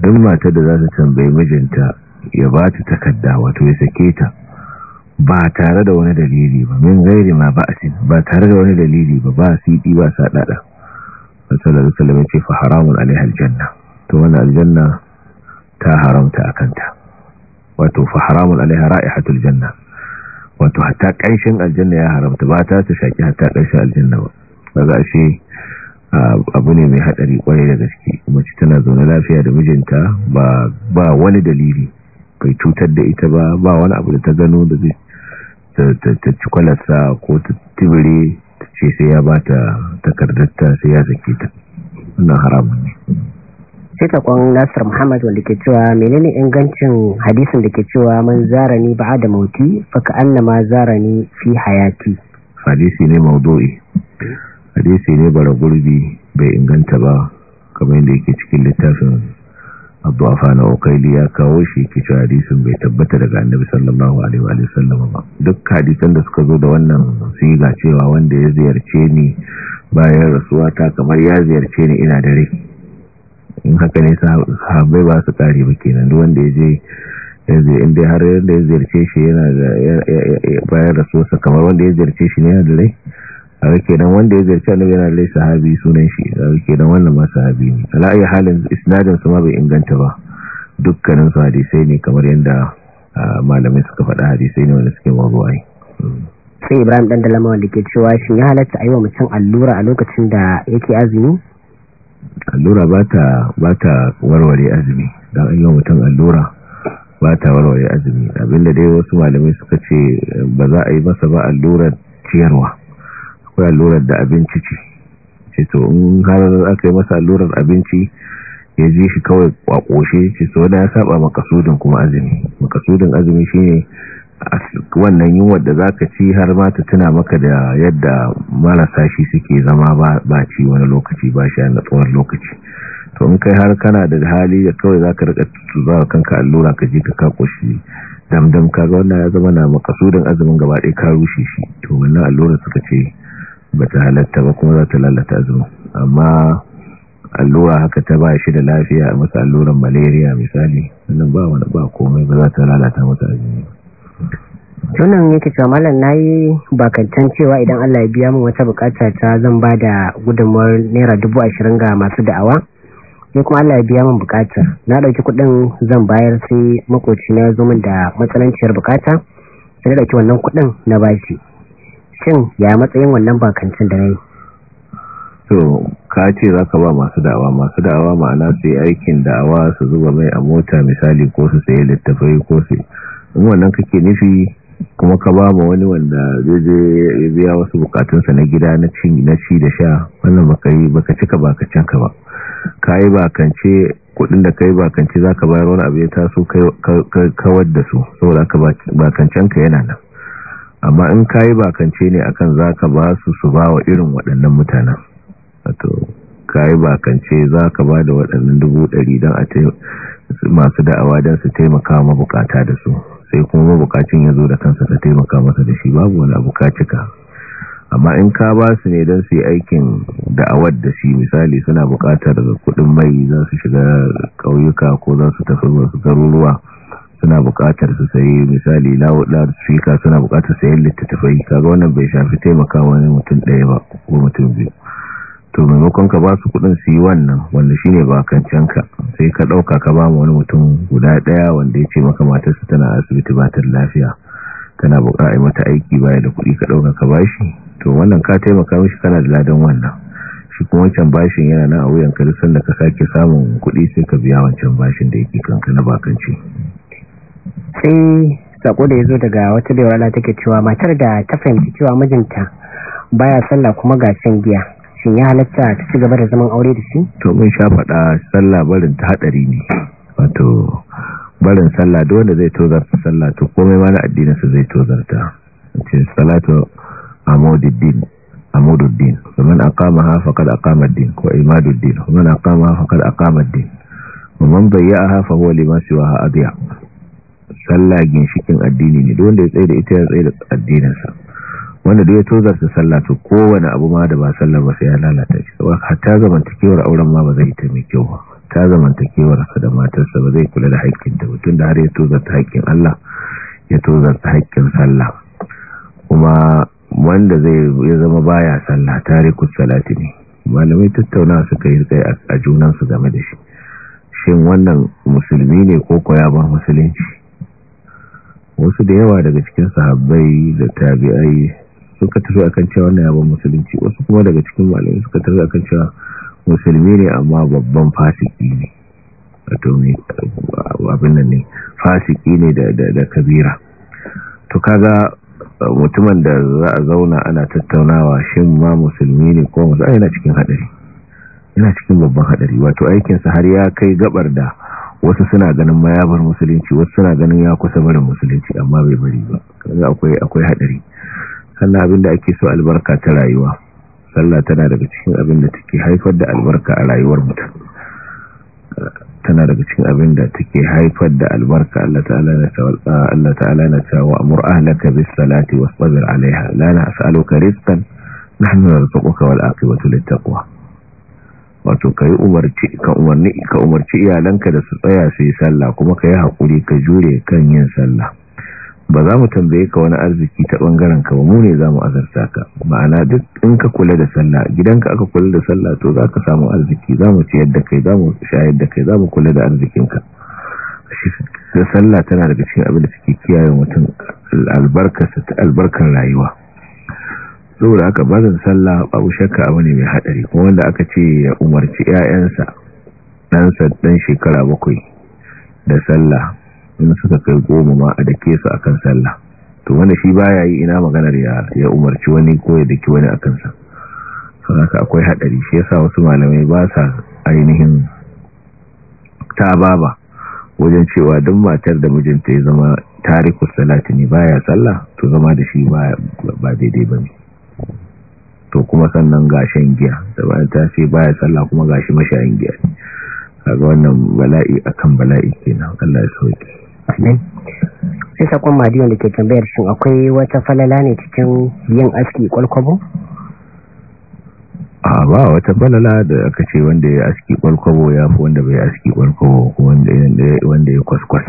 دم تد ذات تنبي مجن تنسكي يبات تكدا وتوسكيتا ba tare da wani dalili ba min gairi ma ba'asin ba tare da wani dalili ba ba sidi ba sadada sallallahu alaihi wasallam ce fa haramun alaiha aljanna to wannan aljanna ta haramta akanta wato fa haramun alaiha ra'ihatul janna wato hatta kanshin aljanna ya haramta ba ta ta shaki hatta kanshin aljanna ba za shi abu ne mai hadari kwarai da gaske mace tana zaune lafiya da mijinta ba ba wani dalili bai cutar da ita ba ba wani abu da ta gano da zai ta ci ko ta tibire ta ce sai ya ba ta takardarta sai ya sake ta wannan haramun ne sai sakon nasir muhammad wanda ke cewa menene ingancin hadisin da ke cewa man ni ba da mauti faka annama ni fi hayati hadisi ne maudu'i hadisi ne bara gurbi bai inganta ba kamar yadda yake cikin littafin abu afana okaili ya kawo shi ke cewa hadisin bai tabbata daga annabi sallallahu alaihi wa sallam ba duk hadisan da suka zo da wannan siga cewa wanda ya ziyarce ni bayan rasuwa ta kamar ya ziyarce ni ina da rai in haka ne sahabbai ba su kare ba kenan duk wanda ya je inda har yadda ya ziyarce shi yana da bayan rasuwarsa kamar wanda ya ziyarce shi ne ya da rai a rike nan wanda ya ziyarci annabi yana da sahabi sunan shi a rike nan wannan ma sahabi ne ala ayi halin isnadin su ma bai inganta ba dukkanin su hadisai ne kamar yadda malamai suka faɗa hadisai ne wanda suke mawdu'ai hmm. sai ibrahim dan dalama wanda ke cewa shi ya halatta a yi wa mutum allura a lokacin da yake azumi allura ba ta warware azumi don an yi wa mutum allura ba ta warware azumi abinda dai wasu malamai suka ce ba za a yi masa ba allurar ciyarwa akwai allurar da abinci ce ce to in har aka yi masa allurar abinci ya ji shi kawai kwakoshe ce to wadda ya saba makasudin kuma azumi makasudin azumi shi ne wannan yunwar da za ka ci har ma ta tuna maka da yadda marasa shi suke zama ba ci wani lokaci ba shi na tsawon lokaci to in kai har kana da hali da kawai za ka rika ka kanka allura ka ji ka kako shi damdam kaga wannan ya zama na makasudin azumin gaba ɗaya ka rushe shi to wannan allura suka ce ba ta halatta ba kuma za ta lalata azumin amma allura haka ta ba shi da lafiya a masa alluran malaria misali wannan ba wani ba komai ba za ta lalata masa ajiye tunan yake cewa malam nayi bakantan cewa idan Allah ya biya min wata bukata ta zan ba da gudunmuwar naira dubu ashirin ga masu da'awa sai kuma Allah ya biya min bukata na dauki kudin zan bayar sai makoci na zo min da matsalanciyar bukata sai dauki wannan kudin na bashi shin ya matsayin wannan bakancin da na yi ka ce za ka ba masu da'awa masu da'awa ma'ana su yi aikin da'awa su zuba mai a mota misali ko su sai littafai ko su in wannan kake nufi kuma ka ba ma wani wanda zai je biya wasu bukatunsa na gida na ci da sha wannan baka yi baka cika bakancin ka ba ka yi bakance kudin da yi bakance zaka bayar wani abu ya taso kawar da su saboda ka bakancen ka yana nan amma in kayi yi bakance ne akan zaka ka ba su su ba wa irin waɗannan mutanen wato ka yi bakance za ba da waɗannan dubu ɗari don a masu da'awa don su taimaka mabukata da su sai kuma mabukacin ya zo da kansa ka taimaka masa da shi babu wani abu ka amma in ka ba su ne don su yi aikin da'awar da shi misali suna bukatar kuɗin mai za su shiga ƙauyuka ko za su tafi masu garuruwa suna bukatar su sayi misali loudspeaker suna buƙatar sayan littattafai kaga wannan bai shafi taimaka wani mutum ɗaya ba ko mutum biyu to maimakon ka ba su kuɗin su yi wannan wanda shine ka sai ka ɗauka ka ba wani mutum guda ɗaya wanda ya ce maka tana asibiti ba ta lafiya tana buƙatar mata aiki baya da kuɗi ka ɗauka ka bashi to wannan ka taimaka mishi kana da ladan wannan shi kuma wancan bashin yana nan a wuyan ka duk sanda ka sake samun kuɗi sai ka biya wancan bashin da yake kankana na bakanci sai sako da ya zo daga wata baiwa na take cewa matar da ta fahimci cewa mijinta baya sallah kuma ga shan giya shin ya halatta ta ci gaba da zaman aure da shi to mun sha faɗa sallah barin ta hadari ne wato barin sallah duk wanda zai tozarta sallah to komai ma na addinin sa zai tozarta ce salatu amududdin amududdin man ha faqad aqama ad-din wa imaduddin man ha faqad aqama ad-din wa man dayya'aha fa huwa lima adiya sallah ginshikin addini ne duk wanda ya tsaye da ita ya tsaye da addininsa wanda duk ya tozarta sallah to kowane abu ma da ba sallah ba sai ya lalata shi saboda hatta zamantakewar auren ma ba zai ta mai kyau ba ta zamantakewar sa da matarsa ba zai kula da haƙƙin ta mutum da har ya tozarta haƙƙin Allah ya tozarta haƙƙin sallah kuma wanda zai ya zama baya sallah tarikus salati ne malamai tattauna suka yi kai a junansu game da shi shin wannan musulmi ne ko ko ya bar musulunci wasu da yawa daga cikin sahabbai da tabi'ai suka tafi akan cewa wannan yabon musulunci wasu kuma daga cikin malamai suka tafi akan cewa musulmi ne amma babban fasiki ne wato ne abin nan ne fasiki ne da kabira to kaga uh, mutumin da za a zauna ana tattaunawa shin ma musulmi ne ko musulmi yana cikin hadari yana cikin babban hadari wato aikinsa har ya kai gabar da wasu suna ganin ma ya bar musulunci wasu suna ganin ya kusa barin musulunci amma bai bari ba kaga akwai akwai hadari sannan abin da ake so albarka ta rayuwa sallah tana daga cikin abin da take haifar da albarka a rayuwar mutum tana daga cikin abin da take haifar da albarka Allah ta'ala na cewa Allah ta'ala na cewa amur ahlaka bis salati wasbir alaiha la nas'aluka rizqan nahnu narzuquka wal aqibatu lit taqwa wato ka yi umarci ka umarni ka umarci iyalanka da su tsaya su yi sallah kuma ka yi haƙuri ka jure kan yin sallah ba za mu tambaye ka wani arziki ta ɓangaren ka ba mu ne za mu azarta ka ma'ana duk in ka kula da sallah gidanka aka kula da sallah to za ka samu arziki za mu ciyar da kai za mu shayar da kai za mu kula da arzikinka sallah tana daga cikin abin da suke kiyaye mutum albarkar rayuwa saboda aka bazin sallah abu shakka abu ne mai hadari kuma wanda aka ce ya umarci 'ya'yansa ɗansa ɗan shekara bakwai da sallah in suka kai goma ma a dake su akan sallah to wanda shi baya yi ina maganar ya umarci wani ko ya daki wani akan sa saboda akwai hadari shi yasa wasu malamai ba sa ainihin ta baba wajen cewa duk matar da mijinta ya zama tarikus salati ne baya sallah to zama da shi ba daidai bane to kuma sannan gashin giya da bayan ta ce baya sallah kuma gashi mashayin giya ne. A ga wannan bala'i akan bala'i kenan Allah ya sauke amin sai sakon madiyon da ke tambayar shi akwai wata falala ne cikin yin aski kwalkwabo a ba wata falala da aka ce wanda ya aski kwalkwabo ya fi wanda bai aski kwalkwabo wanda ya kwaskwas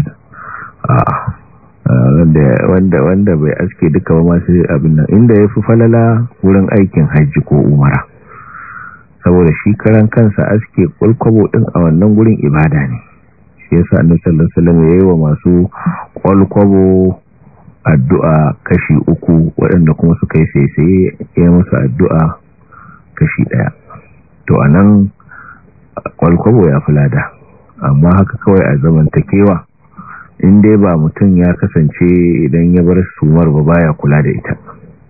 a Ah, wanda bai aske duka ba masu abin nan inda ya fi falala wurin aikin hajji ko umara saboda shi karan kansa aske kwalkwabo ɗin a wannan gurin ibada ne shi yasa annabi sallallahu alaihi wasallam yayi wa masu kwalkwabo addu'a kashi uku waɗanda kuma suka yi sai ya musu addu'a kashi ɗaya to anan kwalkwabo ya fi lada amma haka kawai a zamantakewa in dai ba mutum ya kasance idan ya bar sumar ba baya kula da ita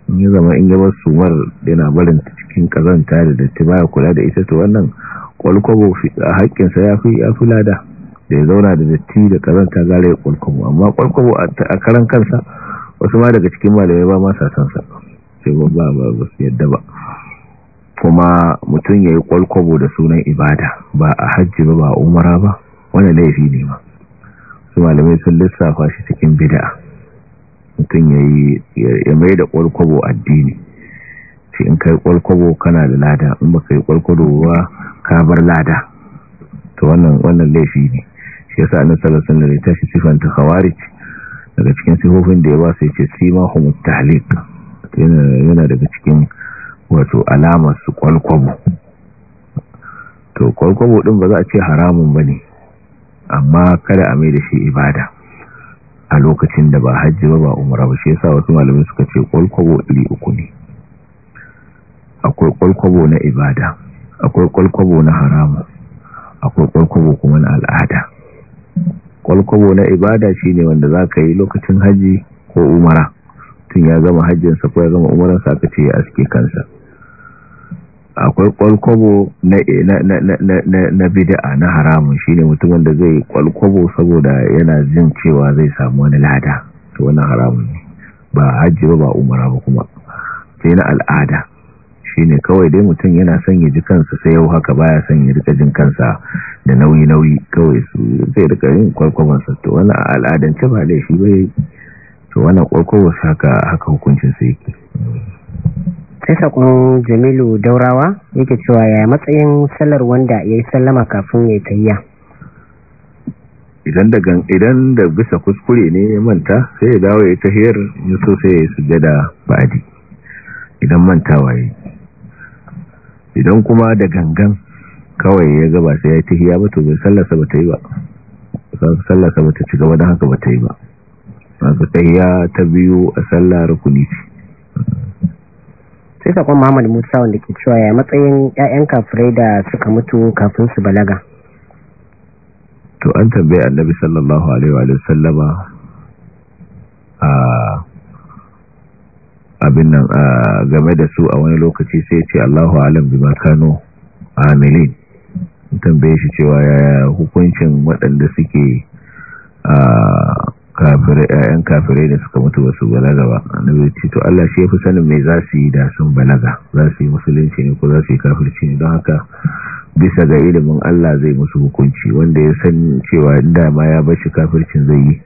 in ya zama in ya bar sumar yana barin cikin kazanta da datti baya kula da ita to wannan kwalkwabo haƙƙinsa ya fi ya fi lada da ya zauna da datti da kazanta gara ya kwalkwabo amma kwalkwabo a karan kansa wasu ma daga cikin malamai ba masa sansa sai ba ba ba ba su yadda ba kuma mutum ya yi kwalkwabo da sunan ibada ba a hajji ba ba umara ba wani laifi ne ma su malamai sun lissafa shi cikin bid'a mutum ya mai da kwalkwabo addini shi in kai kwalkwabo kana da lada in ba kai kwalkwabo ba ka bar lada to wannan laifi ne shi yasa annabi sallallahu alaihi wasallam ya tashi ta khawarij daga cikin sifofin da ya ba sai ce sima hum tahliq yana yana daga cikin wato alamar su kwalkwabo to kwalkwabo din ba za a ce haramun bane amma kada a mai da shi ibada a lokacin da ba hajji ba ba umara ba shi yasa wasu malamai suka ce kwalkwabo iri uku ne akwai kwalkwabo na ibada akwai kwalkwabo na haramu akwai kwalkwabo kuma na al'ada kwalkwabo na ibada shi ne wanda za ka yi lokacin hajji ko umara tun ya zama hajjinsa ko ya gama umaransa aka ce ya aske kansa akwai kwalkwabo na bida'a na haramun shine mutum wanda zai kwalkwabo saboda yana jin cewa zai samu wani lada to wannan haramun ne ba hajji ba ba umara ba kuma sai na al'ada shine kawai dai mutum yana son ya ji kansa sai yau haka baya son ya rika jin kansa da nauyi nauyi kawai su zai rika yin kwalkwaban sa to wannan al'adance ba laifi bai to wannan kwalkwabo haka haka hukuncin sa yake sai sakon jamilu daurawa yake cewa ya matsayin sallar wanda ya yi sallama kafin ya tayya idan da idan da bisa kuskure ne ya manta sai ya dawo ya tahiyar in so sai ya sujada ba'adi idan mantawa waye. idan kuma da gangan kawai ya gaba sai ya tahiya ba to bai sallarsa ba ta yi ba sallarsa ba ta ci gaba don haka ba ta yi ba masu tahiya ta biyu a sallar rukuni sai sakon muhammad musa wanda ke cewa ya matsayin 'ya'yan kafirai da suka mutu kafin su balaga to an tambaye annabi sallallahu alaihi wa sallama a abin nan game da su a wani lokaci sai ce Allahu alam makano a milin tambaye shi cewa yaya hukuncin waɗanda suke kafirai ƴaƴan kafirai da suka mutu wasu balaga ba annabi ce to Allah shi yafi sanin me za su yi da sun balaga za su yi musulunci ne ko za su yi kafirci ne don haka bisa ga ilimin Allah zai musu hukunci wanda ya san cewa inda ma ya bar shi kafircin zai yi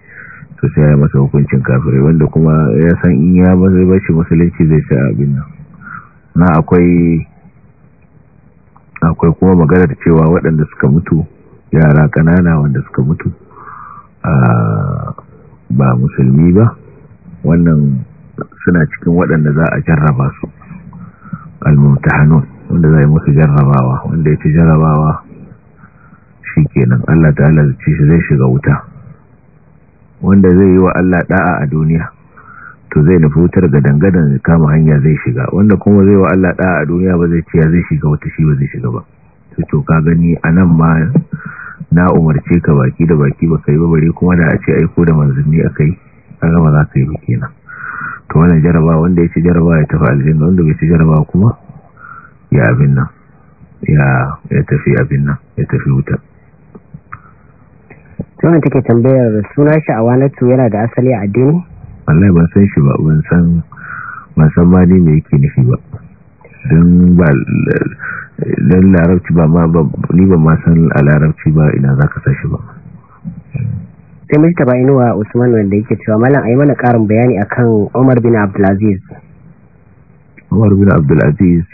to sai ya masa hukuncin kafirai wanda kuma ya san in ya bar zai shi musulunci zai sa abin nan na akwai akwai kuma maganar cewa waɗanda suka mutu yara ƙanana wanda suka mutu ah, ba musulmi ba wannan suna cikin waɗanda za a jarraba su al-mumtahanun wanda zai musu jarrabawa wanda yake jarrabawa kenan Allah ta'ala ci shi zai shiga wuta wanda zai yi wa Allah da'a a duniya to zai nufi wutar ga dangadan kama hanya zai shiga wanda kuma zai wa Allah da'a a duniya ba zai ce ya zai shiga wuta shi ba zai shiga ba to ka gani anan ma na umarce ka baki da baki ba kai ba bare kuma da a ce aiko da manzanni akai kaga ba za ka yi ba kenan to wannan jaraba wanda ya ci jaraba ya tafi aljanna wanda bai ci jaraba kuma ya abin nan ya tafi abin nan ya tafi wuta tunan take tambayar suna wanatu yana da asali a addini wallahi ban san shi ba ban san ban san ma ne me yake nufi ba don ba dan larabci ba ma ni ba ma san a larabci ba ina za ka sashi ba sai mista bayinuwa usman wanda yake cewa malam a yi mana karin bayani akan umar bin abdulaziz umar bin abdulaziz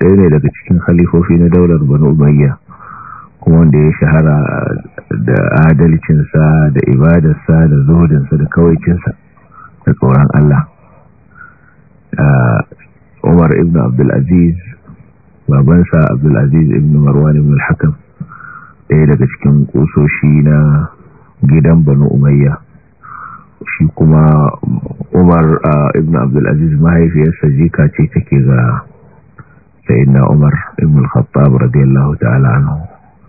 ɗaya ne daga cikin halifofi na daular banu umayya kuma wanda ya shahara da adalcinsa da ibadarsa da zuhudinsa da kawaicinsa da tsoron allah ah, umar ibn abdulaziz babansa abdulaziz ibn marwan ibn al-hakam ɗaya daga cikin kusoshi na gidan banu umayya shi kuma umar ibn abdulaziz mahaifiyarsa jika ce take ga sayyidina umar ibn al-khattab radiyallahu ta'ala anhu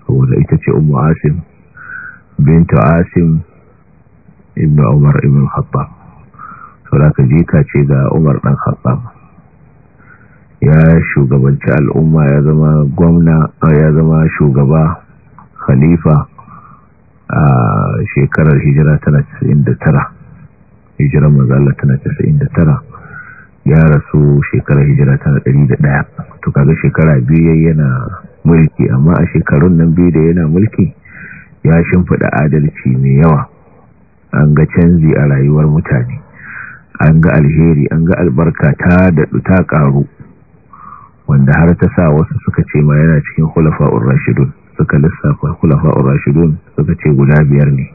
saboda ita ce ummu asim bintu asim ibn umar ibn al-khattab saboda ka jika ce ga umar dan khattab ya shugabanci al'umma ya zama gwamna ya zama shugaba khalifa a shekarar hijira tana 99 hijirar mazala tana 99 ya rasu shekarar hijira tana 101 to kaga shekara biyu yana mulki amma a shekarun nan biyu da yana mulki ya shimfiɗa adalci mai yawa an ga canji a rayuwar mutane an ga alheri an ga albarka ta daɗu ta ƙaru wanda har ta sa wasu suka ce ma yana cikin khulafa'ur rashidun suka lissafa khulafa'ur rashidun suka ce guda biyar ne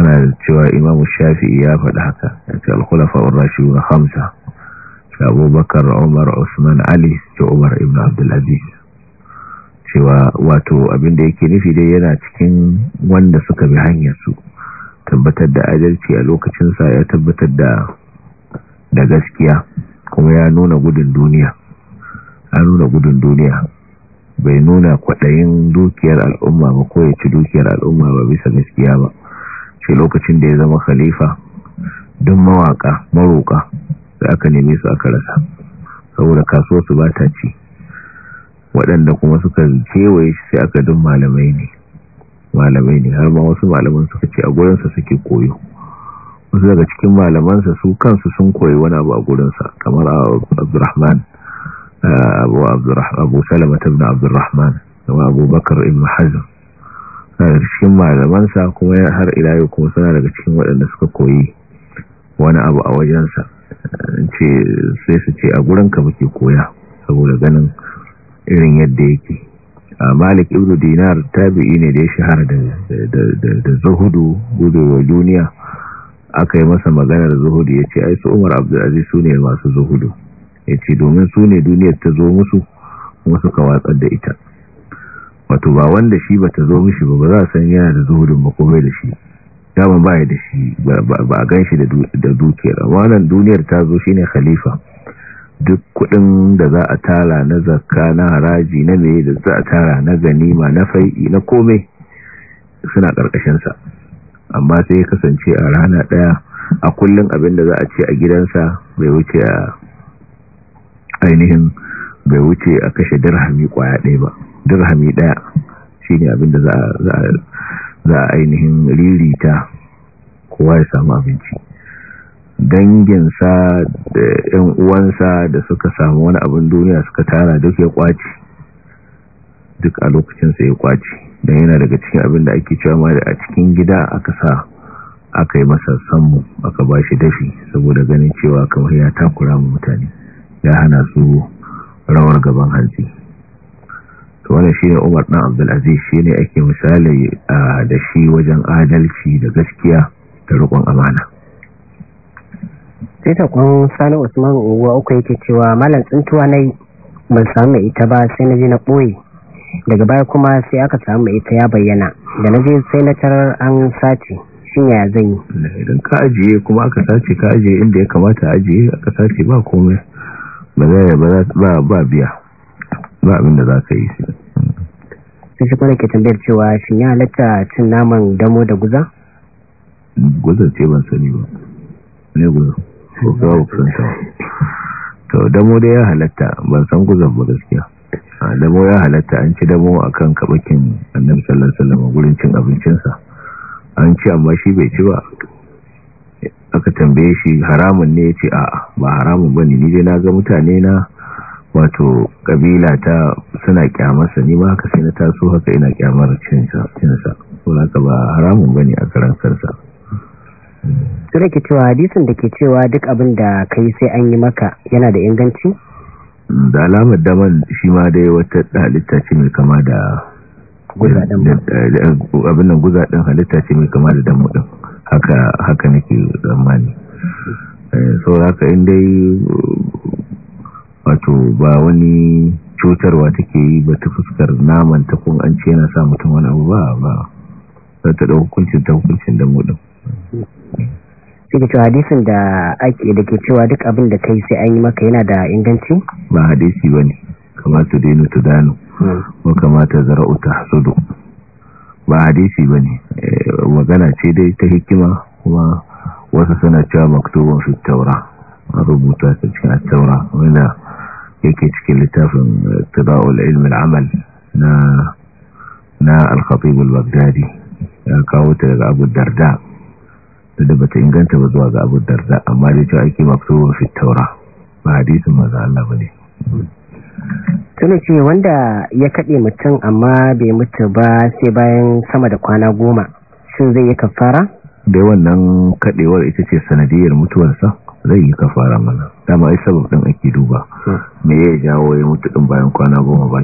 ana cewa imamu shafi'i ya faɗi haka ya ce al-khulafa'ur rashidun hamsa abubakar umar usman ali ce umar ibn abdulaziz cewa wato abinda yake nufi dai yana cikin wanda suka bi hanyarsu tabbatar da adalci a lokacinsa ya tabbatar da gaskiya kuma ya nuna gudun duniya an nuna gudun duniya bai nuna kwaɗayin dukiyar al'umma ba ko ya ci dukiyar al'umma ba bisa gaskiya ba shi lokacin da ya zama khalifa don mawaka maroka da aka neme su aka rasa saboda kasuwar su ba ta ci waɗanda kuma suka kewaye shi sai aka dun malamai ne malamai ne har ma wasu malaman suka ce a gurinsa suke koyo wasu daga cikin malamansa su kansu sun koyi wani abu a gurinsa kamar abdurrahman abu abdurrahman abu salama ibn abdurrahman da abu bakar ibn hazm daga malamansa kuma har ila yau kuma suna daga cikin waɗanda suka koyi wani abu a wajensa ce sai su ce a gurin ka muke koya saboda ganin irin yadda yake malik ibn dinar tabi'i ne da ya shahara da zuhudu gudu duniya akayi masa maganar zuhudu ya ce ai su umar abdulaziz su ne masu zuhudu ya ce domin su ne duniyar ta zo musu kuma suka watsar da ita wato ba wanda shi ba ta zo mishi ba ba za a san yana da zuhudin ba komai da shi daman baya da shi ba a gan shi da dukiyar wannan duniyar ta zo shine khalifa duk kudin da za a tara na zakka na haraji na mai da za a tara na ganima na fai'i na komai suna ƙarƙashinsa amma sai kasance a rana ɗaya a kullum abin da za a ce a gidansa bai wuce a ainihin bai wuce a kashe dirhami kwaya ɗaya ba dirhami ɗaya shi ne abinda za a ainihin ririta kowa ya samu abinci danginsa da 'yan uwansa da suka samu wani abin duniya suka tara duk ya kwaci duk a lokacinsa ya kwaci don yana daga cikin abin da ake cewa ma da a cikin gida aka sa aka yi masa sammu aka ba shi dafi saboda ganin cewa kamar ya takura mutane ya hana su rawar gaban hanzi to wannan shi ne umar ɗan abdulaziz shi ne ake misali da shi wajen adalci da gaskiya da rikon amana sai ta kun sani usman uwa uku yake cewa malam tsintuwa na yi ban samu mai ita ba sai na ji na ɓoye daga baya kuma sai aka samu mai ita ya bayyana da na je sai na tarar an sace shin ya zan yi idan ka ajiye kuma aka sace ka ajiye inda ya kamata ajiye aka sace ba komai ba zai ba ba biya ba abinda za ka yi sai shi kwanan ke tambayar cewa shi ya halatta cin naman damo da guza? guza ce ban sani ba ne guza ko kawo kusanta to damo da ya halatta ban san guzan ba gaskiya damo ya halatta an ci damo a kan kabakin annabi sallallahu alaihi wasallam gurin cin abincinsa an ci amma shi bai ci ba aka tambaye shi haramun ne ya ce a ba haramun ba ne dai na ga mutane na wato kabila ta suna kyamarsa ni ma haka sai na taso haka ina kyamar cinsa ko haka ba haramun ba ne a karan kansa sai ke cewa hadisin da ke cewa duk abin da kai sai an yi maka yana da inganci da alamar daman shi ma dai wata halitta ce mai kama da abin nan guza halitta ce mai kama da damu ɗin haka nake zamani eh, sauraka in dai wato ba wani cutarwa take yi ba ta fuskar naman ta kun an ce yana sa mutum wani abu ba ba za ta ɗau hukuncin ta hukuncin da mu ɗin suke cewa hadisin da ake da ke cewa duk abin da kai sai an yi maka yana da inganci ba hadisi ba ne kamata dainu ta dano ko kamata zara'u ta hasudu ba hadisi ba ne eh, magana ce dai ta hikima kuma wasu suna cewa maktubun shi taura a rubuta ta cikin taura wanda yake cikin littafin eh, tura'ul ilmin amal na na alkhatibul bagdadi ya kawo ta daga abu darda da bata inganta ba zuwa ga abu darda amma dai cewa ake maktubun shi taura ba hadisin maza Allah ba ne tuna ce wanda ya kaɗe mutum amma bai mutu ba sai bayan sama da kwana goma shin zai yi kafara? bai wannan kaɗewar ita ce sanadiyar mutuwarsa zai yi kafara mana dama ai sabab ɗin ake duba hmm. me ya jawo ya mutu ɗin bayan kwana goma ba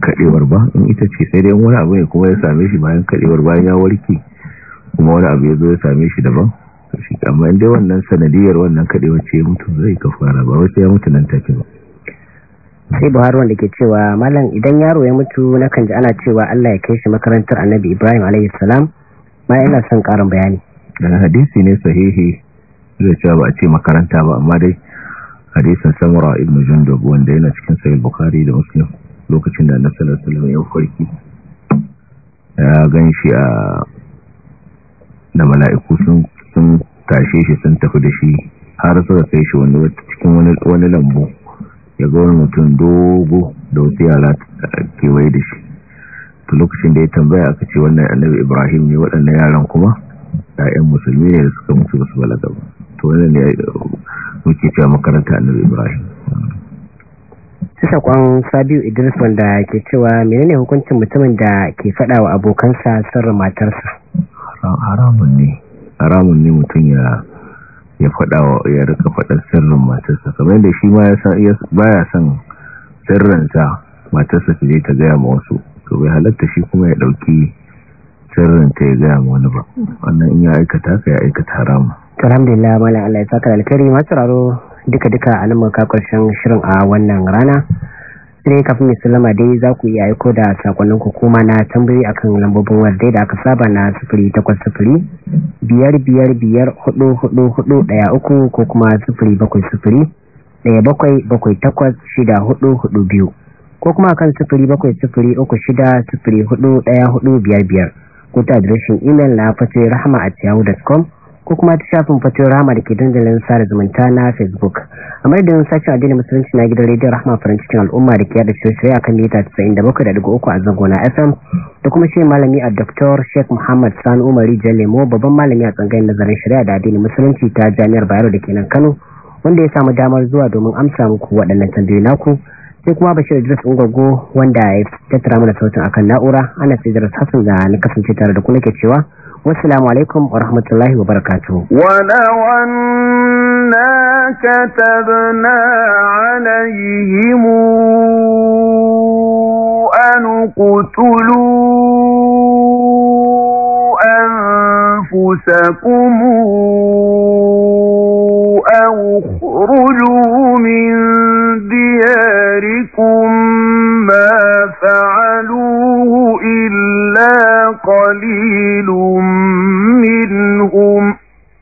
kaɗewar ba in ita ce sai dai wani abu ne kuma ya same shi bayan kaɗewar bayan ya warke kuma wani abu ya zo ya same shi daban amma in dai wannan sanadiyar wannan kaɗewar ce ya mutu zai kafara ba wata ya mutu nan take ba sai buhari wanda ke cewa malam idan yaro ya mutu na kan ji ana cewa allah ya kai shi makarantar annabi ibrahim a.s. ma yana son karin bayani daga hadisi ne sahihi zai cewa ba a ce makaranta ba amma dai hadisin samura ibn jundub wanda yana cikin sahih bukari da muslim lokacin da annabi sallallahu alaihi wasallam ya farki ya ganshi a da mala'iku sun sun tashe shi sun tafi da shi har suka kai shi wani cikin wani lambu ya ga wani mutum dogo da wasu yara kewaye da shi to lokacin da ya tambaya aka ce wannan annabi ibrahim ne waɗannan yaran kuma ɗayan musulmi ne da suka mutu basu balaga ba to wannan ne muke cewa makaranta annabi ibrahim sai sakon sabiu idris wanda ke cewa menene hukuncin mutumin da ke faɗa wa abokansa sarra matarsa haramun ne haramun ne mutum ya ya faɗa ya rika faɗar sirrin matarsa kamar da shi ma ya son sirrinsa matarsa ta je ta gaya ma wasu to bai halatta shi kuma ya ɗauki ta ya gaya ma wani ba wannan in ya aikata ka ya aikata haramu alhamdulillah mala Allah ya saka alkari masu raro duka-duka a nan shirin a wannan rana sai kafin mai salama dai za ku iya aiko da sakonnin ku kuma na tambayi akan lambobin wadda da aka saba na sifiri takwas sifiri biyar biyar biyar hudu hudu hudu uku ko kuma sifiri bakwai sifiri daya bakwai bakwai takwas shida hudu hudu biyu ko kuma kan sifiri bakwai sifiri uku shida sifiri hudu daya hudu biyar biyar ko ta adireshin imel na fasirahama a ko kuma ta shafin fatiyar rahama da ke dandalin sada zumunta na facebook a madadin sashen adini musulunci na gidan rediyon rahama farin cikin al'umma da ke yada shirya kan mita 97.3 a zango na fm da kuma shi malami a dr sheik muhammad sani umari jalemo babban malami a tsangayin nazarin shirya da adini musulunci ta jami'ar bayero da ke nan kano wanda ya samu damar zuwa domin amsa muku waɗannan tambayoyi naku sai kuma bashir idris ungwago wanda ya tattara mana sautin akan na'ura ana sai idris hassan da na kasance tare da ku nake cewa wassalamu alaikum wa rahmatullahi wa barakatu wa كتبنا عليهم أن اقتلوا أنفسكم أو اخرجوا من دياركم ما فعلوه إلا قليل منهم